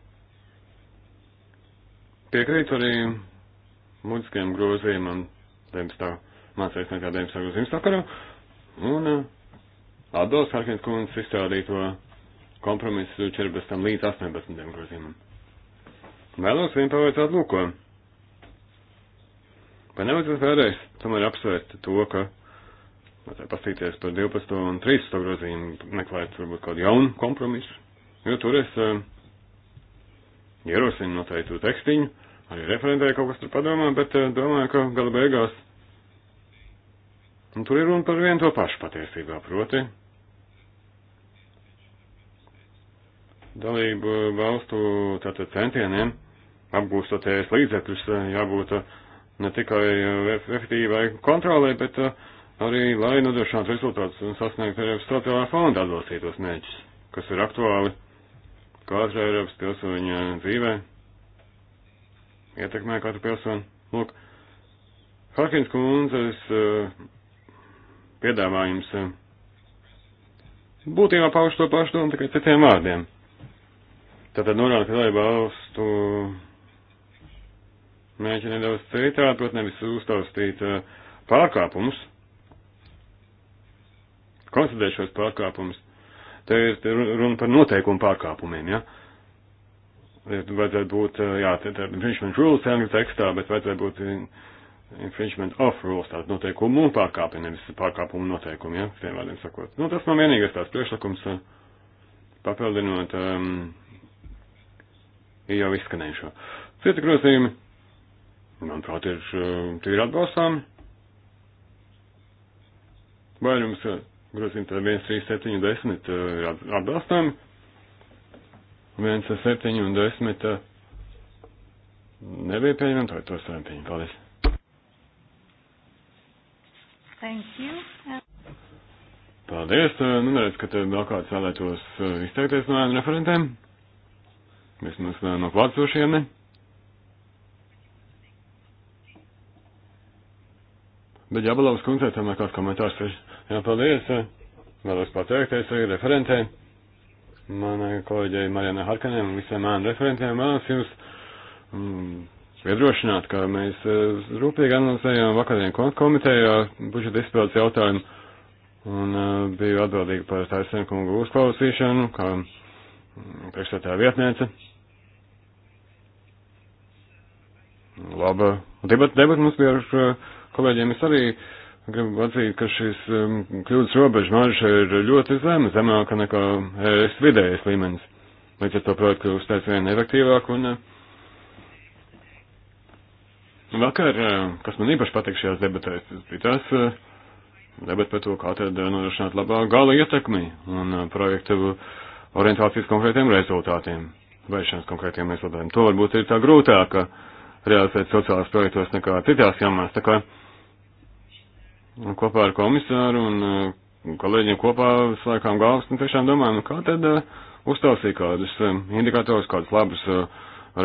Piekrītu arī mūziskajam grozījumam 19. mācēs nekā 19. grozījums sakarā. Un uh, atbalstu Harkins kundzes izstrādīto kompromisu 14. līdz 18. grozījumam. Vēlos vien pavaicāt lūko. Vai nevajadzētu vēlreiz tomēr apsvērt to, ka vajadzētu pastīties par 12. un 13. grozījumu, meklēt varbūt kādu jaunu kompromisu, jo tur es uh, ierosinu noteiktu tekstiņu, arī referentēju kaut kas tur padomā, bet uh, domāju, ka gala beigās. Un nu, tur ir runa par vienu to pašu patiesībā, proti, dalību valstu tātad centieniem apgūstot ES līdzekļus eh, jābūt eh, ne tikai eh, efektīvai kontrolē, bet arī, lai nodrošinātu rezultātus un sasniegtu Eiropas sociālā fonda atbalstītos mērķus, kas ir aktuāli katra Eiropas pilsoņa dzīvē, ietekmē katru pilsoni. Lūk, Harkins kundzes piedāvājums būtībā pauž to pašu domu tikai citiem vārdiem. Tātad norāda, ka dalība valstu mēģina nedaudz citādi, pat nevis uztaustīt eh, pārkāpumus, konstatēt šos pārkāpumus. Te ir runa par noteikumu pārkāpumiem, ja? Vajadzētu būt, eh, jā, infringement rules angļu tekstā, bet vajadzētu būt infringement of rules, tātad noteikumu un pārkāpumi, nevis pārkāpumu noteikumu, ja, tiem vārdiem sakot. Nu, tas man vienīgais tās priekšlikums, eh, papildinot um, jau izskanējušo. Citi grozījumi, manuprāt, ir tīri atbalstāmi. Vairums grozījumi tad 1, 3, 7, 10 ir atbalstāmi. 1, 7 un 10 nebija pieņemami, to ir to saviem pieņemami. Paldies. Thank you. Paldies. Nu, neredz, ka te vēl kāds vēlētos izteikties no referentiem. Vismaz eh, no klātsošiem ne. Bet Jabalovas kundzei tomēr kāds komentārs ir. Jā, paldies. Eh. Vēlos pateikties arī referentē. Manai kolēģei Marianai Harkanēm un visiem mēnu referentiem vēlos jums mm, iedrošināt, ka mēs eh, rūpīgi analizējām vakardien komitejā budžeta izpildes jautājumu un uh, biju atbildīgi par taisnīgumu uzklausīšanu, kā mm, priekšsētā vietniece. laba debata. Debata mums bija ar uh, kolēģiem. Es arī gribu atzīt, ka šis um, kļūdas robežu marža ir ļoti zema, zemāka nekā eh, es vidējais līmenis. Līdz ar to projektu kļūst tāds vien efektīvāk un. Uh, vakar, uh, kas man īpaši patika šajās debatēs, tas bija tas, debat par to, kā tad nodrošināt labā gala ietekmi un projektu orientācijas konkrētiem rezultātiem, vēršanas konkrētiem rezultātiem. To varbūt ir tā grūtāka realizēt sociālās projektos nekā citās jomās. Tā kā kopā ar komisāru un eh, kolēģiem kopā slēgām galvas un tiešām domājam, nu kā tad uh, uztausīt kādus um, eh, indikatorus, kādus labus uh,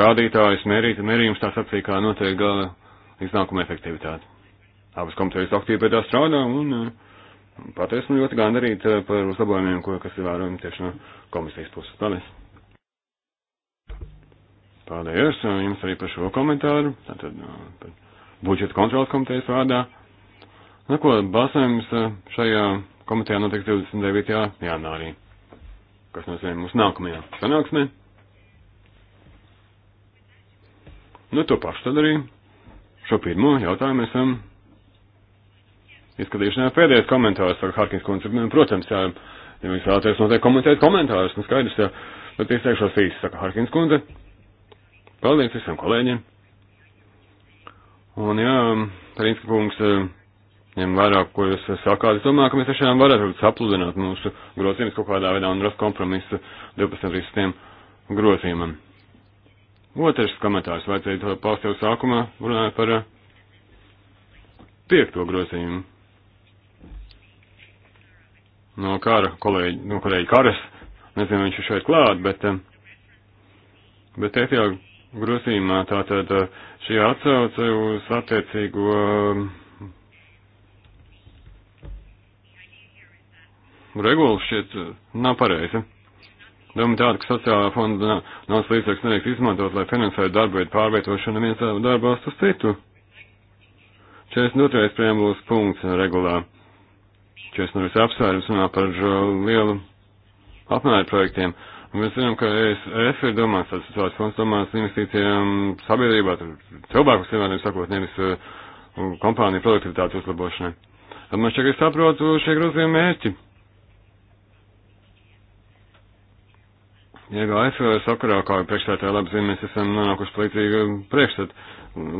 rādītājus, mērīt, mērījums tā sacīja, kā notiek gala iznākuma efektivitāte. Abas komitejas aktīvi pie tā strādā un uh, patiesmu nu, ļoti gandarīt par uzlabojumiem, ko, kas ir vērojami tieši no komisijas puses. Paldies! Paldies jums arī par šo komentāru, tātad nu, par budžeta kontrolas komitejas vārdā. Nu, ko, balsojums eh, šajā komitejā notiks 29. janvārī, kas nozīmē mūsu nākamajā sanāksmē. Nu, to pašu tad arī šo pirmo jautājumu esam izskatījuši. Jā, pēdējais komentārs ar Harkins kundzi, nu, protams, jā, ja jūs vēlaties noteikti komentēt komentārus, nu skaidrs, jā, bet es teikšos īsi, saka Harkins kundze. Paldies visiem kolēģiem. Un jā, Rīnska kungs, eh, ņem vērā, ko jūs sakāt. Es domāju, ka mēs tiešām varētu sapludināt mūsu grozījumus kaut kādā veidā un rast kompromisu 12 līdz 100 grozījumam. Otrs komentārs vajadzēja to paust jau sākumā, runāja par eh, piekto grozījumu. No kara kolēģi, no kolēģi karas, nezinu, viņš ir šeit klāt, bet, eh, bet te jau grozījumā. Tātad eh, šī atsauce uz attiecīgo eh, regulu šķiet eh, nav pareiza. Doma tāda, ka sociālā fonda naudas līdzekļus nedrīkst izmantot, lai finansētu darbu vietu pārvietošanu viens darba valsts uz citu. 42. preambulas punkts regulā. 40. apsvērums runā par lielu apmēru projektiem. Un mēs zinām, ka ESF ir domāts, tāds sociālais fonds domāts investīcijām sabiedrībā, cilvēku cilvēkiem sakot, nevis uh, kompāniju produktivitātes uzlabošanai. Tad man šķiet, ka es saprotu šie grozījumi mērķi. Ja GAF e sakarā, kā priekšsētāji labi zina, mēs esam nonākuši līdzīgu priekšstatu,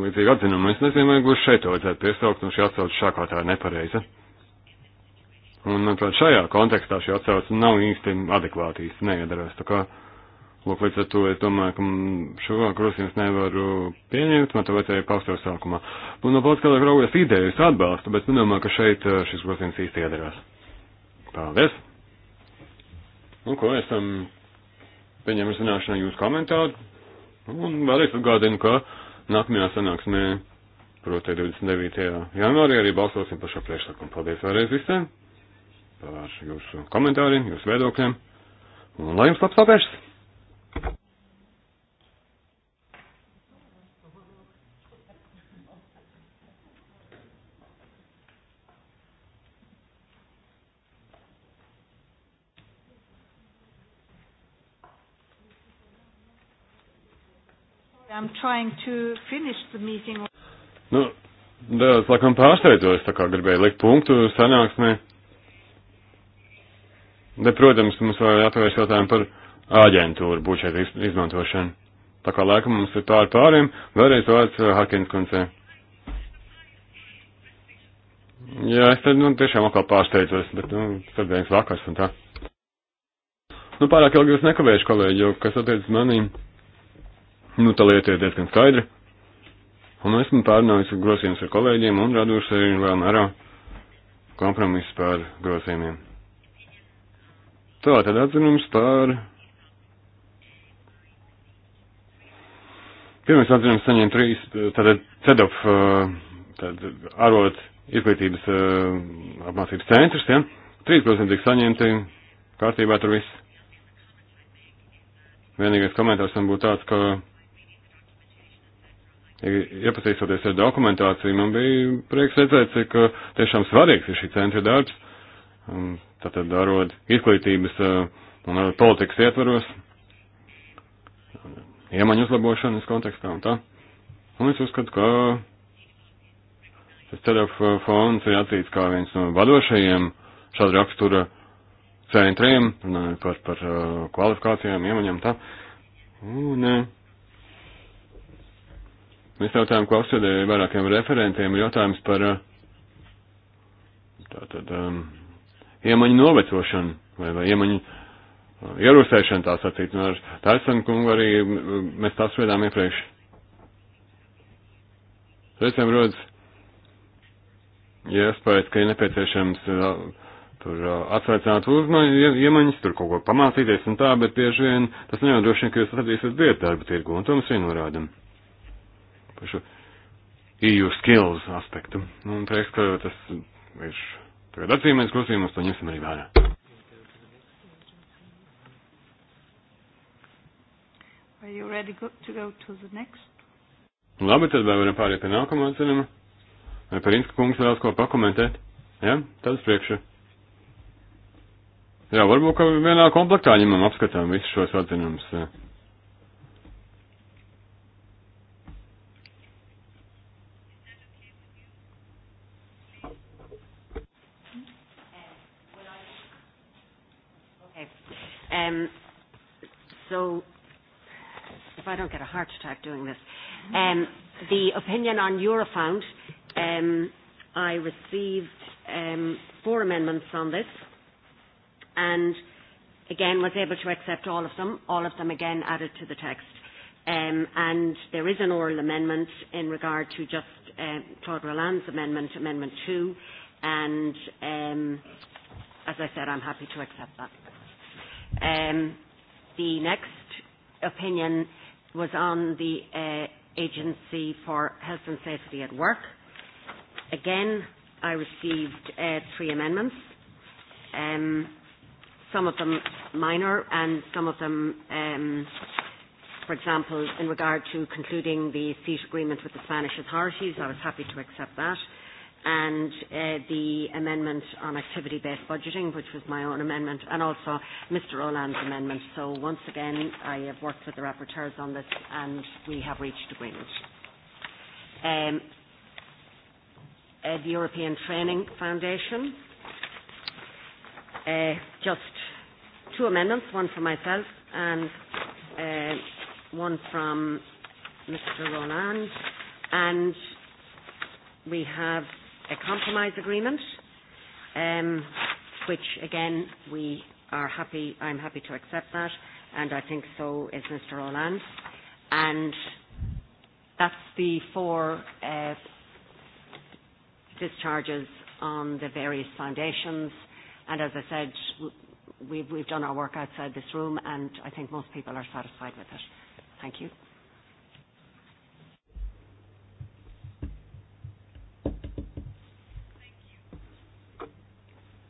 līdzīgu atzinumu. Es nezinu, vai gluži šeit to vajadzētu piesaukt, un šī atsauce šā kā tā ir nepareiza. Ja? Un, manuprāt, šajā kontekstā šī atsauce nav īsti adekvāti īsti neiedarās. Tā kā, lūk, līdz ar to es domāju, ka šo krusījums nevaru pieņemt, man to vajadzēja paust jau sākumā. Un no politiskā lieka raugoties idejas atbalstu, bet nedomāju, ka šeit eh, šis krusījums īsti iedarās. Paldies! Un ko esam pieņemam zināšanā jūsu komentāru? Un vēlreiz atgādinu, ka nākamajā sanāksmē, proti 29. janvārī, arī balsosim par šo priekšlikumu. Paldies vēlreiz visiem! par jūsu komentāriem, jūsu viedokļiem. Un lai jums labs pavērsts! I'm trying to finish the meeting. Nu, da, laikam pārsteidzoties, tā kā gribēju likt punktu sanāksmē. Ne... Bet, protams, mums vēl jāpavērš jautājumu par āģentūru būšēt izmantošanu. Tā kā laika mums ir pār pāriem, vēlreiz vārds eh, Hakins koncē. Jā, es tad, nu, tiešām atkal pārsteidzos, bet, nu, tad viens vakars un tā. Nu, pārāk ilgi jūs nekavējuši, kolēģi, jo, kas attiec manī, nu, tā lieta ir diezgan skaidra. Un esmu pārnājis grozījumus ar kolēģiem un raduši arī nu, vēl mērā kompromisu par grozījumiem. Tā tad atzinums par. Pirmais atzinums saņem trīs, tātad CEDOP, tad arot izglītības apmācības centrs, ja? 3% tiek saņemti, kārtībā tur viss. Vienīgais komentārs man būtu tāds, ka iepazīstoties ar dokumentāciju, man bija prieks redzēt, cik tiešām svarīgs ir šī centra darbs tātad arod izglītības eh, un politikas ietvaros, iemaņu uzlabošanas kontekstā un tā. Un es uzskatu, ka šis CEDAF fonds ir atzīts kā viens no vadošajiem šāda rakstura centriem, runājot par, par eh, kvalifikācijām, iemaņām tā. Un, eh, Mēs jautājām, ko apsēdēju vairākiem referentiem, jautājums par tātad um, iemaņu novecošanu vai, vai iemaņu uh, ierūsēšanu, tā sacīt. Un nu, ar Taisanu kungu arī mēs tā svedām iepriekš. Reizēm rodas iespējas, ka ir nepieciešams uh, tur uh, atsveicināt uzmaņu, iemaņas, tur kaut ko pamācīties un tā, bet bieži vien tas nenodrošina, ka jūs atradīsiet vietu darba tirgu, un to mēs arī norādam. Par šo EU skills aspektu. Un prieks, ka tas ir Tagad atzīmēs grozījumus, to ņemsim arī vērā. Are you ready go to go to the next? Labi, tad vēl varam pāriet pie nākamā atzinuma. Vai Parinska kungs vēlas ko pakomentēt? Ja? Tad uz priekšu. Jā, varbūt, ka vienā komplektā ņemam apskatām visus šos atzinumus. Ja. Um, so, if I don't get a heart attack doing this, um, the opinion on Eurofound, um, I received um, four amendments on this, and again was able to accept all of them. All of them again added to the text. Um, and there is an oral amendment in regard to just um, Claude Roland's amendment, Amendment 2, and um, as I said, I'm happy to accept that. Um, the next opinion was on the uh, Agency for Health and Safety at Work. Again, I received uh, three amendments, um, some of them minor and some of them, um, for example, in regard to concluding the seat agreement with the Spanish authorities. I was happy to accept that and uh, the amendment on activity-based budgeting, which was my own amendment, and also Mr. Oland's amendment. So once again, I have worked with the rapporteurs on this, and we have reached agreement. Um, uh, the European Training Foundation, uh, just two amendments, one for myself and uh, one from Mr. Roland, and we have a compromise agreement, um, which again we are happy. I'm happy to accept that, and I think so is Mr. Oland. And that's the four uh, discharges on the various foundations. And as I said, we've, we've done our work outside this room, and I think most people are satisfied with it. Thank you.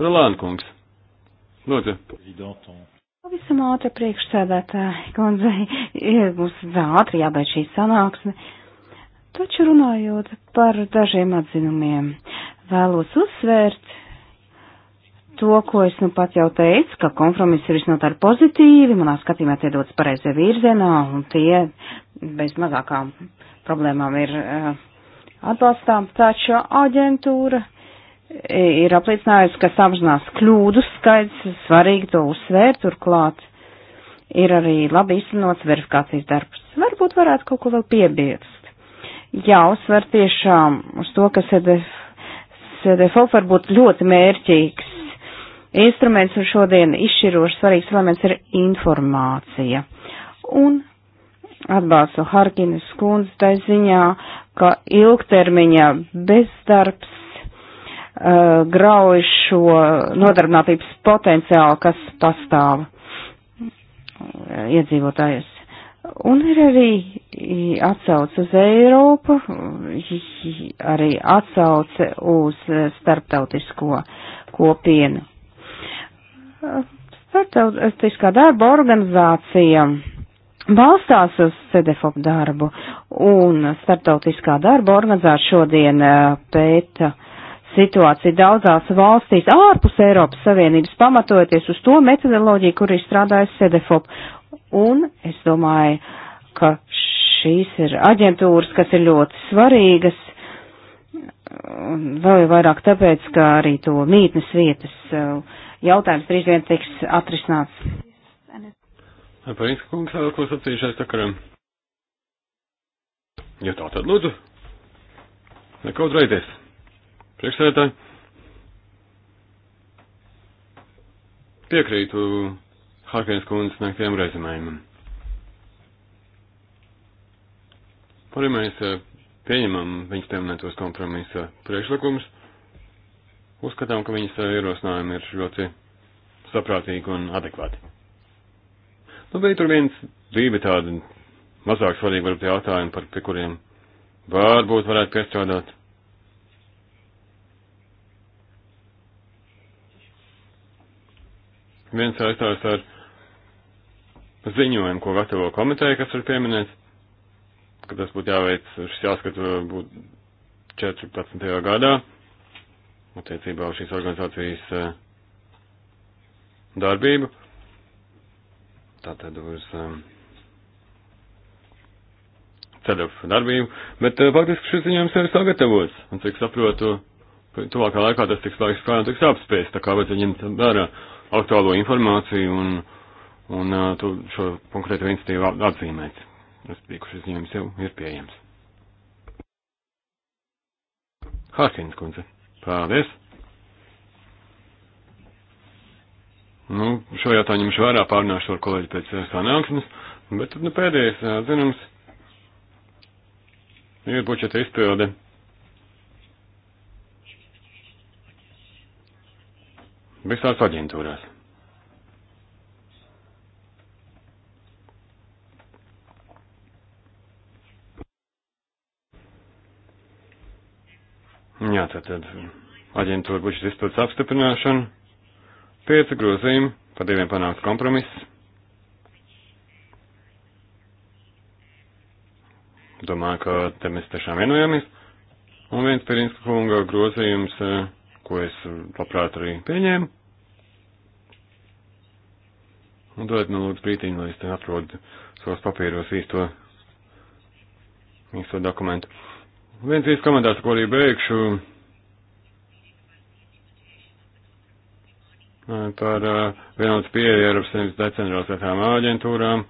Rolāna kungs. Lūdzu. Pavisam ātri priekšsēdētāji, kundze, mums ātri jābeidz šī sanāksme. Taču runājot par dažiem atzinumiem, vēlos uzsvērt to, ko es nu pat jau teicu, ka kompromiss ir visnotaļ pozitīvi, manā skatījumā tie dodas pareizajā virzienā, un tie bez mazākām problēmām ir uh, atbalstām. Taču aģentūra ir apliecinājusi, ka samazinās kļūdu skaits, svarīgi to uzsvērt, turklāt ir arī labi izcinots verifikācijas darbs. Varbūt varētu kaut ko vēl piebilst. Jāuzsver tiešām uz to, ka CDFO var būt ļoti mērķīgs instruments un šodien izšķiroši svarīgs elements ir informācija. Un atbalstu Harkinas kundzi tai ziņā, ka ilgtermiņa bezdarbs uh, grauj šo nodarbinātības potenciālu, kas pastāv uh, iedzīvotājus. Un ir arī atsauce uz Eiropu, arī atsauce uz starptautisko kopienu. Starptautiskā darba organizācija balstās uz CDFOP darbu, un starptautiskā darba organizācija šodien uh, pēta uh, situācija daudzās valstīs ārpus Eiropas Savienības pamatojoties uz to metodoloģiju, kur ir strādājis SEDEFOP. Un es domāju, ka šīs ir aģentūras, kas ir ļoti svarīgas, un vēl jau vairāk tāpēc, ka arī to mītnes vietas uh, jautājums drīz vien tiks atrisināts. Paldies, kungs, ko sacījušais sakarā. Ja tā tad lūdzu, nekaudz reities. Priekšsēdētāji. Piekrītu Harkins kundzes sniegtiem rezumējumam. Arī mēs eh, pieņemam viņas pieminētos kompromisa priekšlikumus. Uzskatām, ka viņas eh, ierosinājumi ir ļoti saprātīgi un adekvāti. Nu, bija tur viens divi tādi mazāk svarīgi varbūt jautājumi, par, pie kuriem varbūt varētu piestrādāt. Viens saistās ar ziņojumu, ko gatavo komiteja, kas ir pieminēts, ka tas būtu jāveic, šis jāskata būtu 14. gadā, attiecībā uz šīs organizācijas eh, darbību. Tātad uz eh, ceļu darbību, bet eh, faktiski šis ziņojums ir sagatavots, un cik saprotu, tuvākā laikā tas tiks laiks kā un tiks apspēst, tā kā vajadzēja ņemt vērā aktuālo informāciju un, un uh, tu, šo konkrēto institīvu atzīmēt. Respektīvi, šis ziņojums jau ir pieejams. Hārkins kundze, paldies! Nu, šo jautājumu ņemšu vērā, pārnāšu ar kolēģi pēc uh, sanāksmes, bet tad nu, pēdējais uh, zinums ir budžeta izpilde. visās aģentūrās. Jā, tātad aģentūra budžeta izpildes apstiprināšana, pieci grozījumi, pa diviem panāks kompromiss. Domāju, ka te mēs tiešām vienojamies. Un viens Pirinska kunga grozījums uh, ko es labprāt arī pieņēmu. Un dod man nu, lūdzu brītiņu, lai es te atrodu savos papīros īsto, īsto dokumentu. Viens īsts komentārs, ko arī beigšu par vienotu pieeju Eiropas Savienības decentralizētām aģentūrām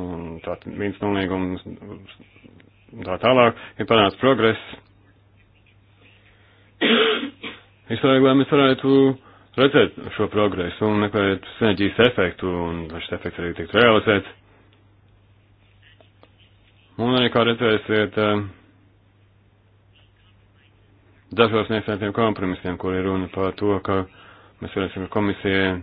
un tātad viens nolīgums tā tālāk ir panāts progress izsvarīgāk mēs varētu redzēt šo progresu un meklēt sinerģijas efektu, un vai šis efekts arī tiktu realizēts. Un arī kā redzēsiet, eh, dažos nesētiem kompromisiem, kur ir runa par to, ka mēs varēsim komisijai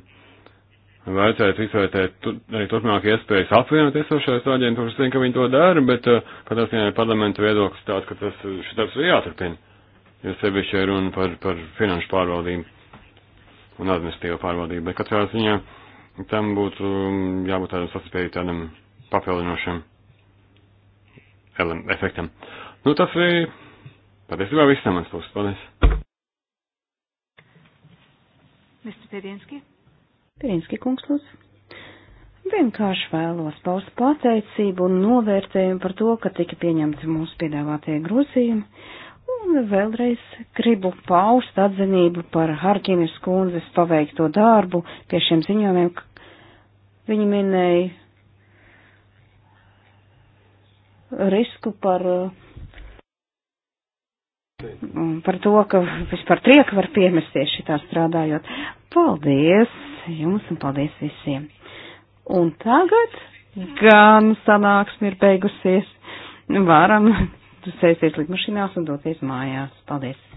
vajadzētu izvērtēt arī turpmāk iespējas apvienot esošās aģentūras, zinu, ka viņi to dara, bet eh, kādās vienai parlamentu viedoklis tāds, ka tas, šis darbs ir jāturpina jo sevišķi ir runa par, par finanšu pārvaldību un administratīvo pārvaldību, bet katrā ziņā tam būtu mm, jābūt tādam saspēju tādam papildinošam efektam. Nu, tas ir patiesībā viss no manas puses. Paldies. Mr. Pirinski. Pirinski kungs, lūdzu. Vienkārši vēlos paust pateicību un novērtējumu par to, ka tika pieņemti mūsu piedāvātie grozījumi. Vēlreiz gribu paust atzinību par Harkinas kundzes paveikto darbu pie šiem ziņojumiem. Viņa minēja risku par, par to, ka vispār trieku var piemesties šitā strādājot. Paldies jums un paldies visiem. Un tagad gan sanāksme ir beigusies. Varam sēsties lidmašīnās un doties mājās. Paldies!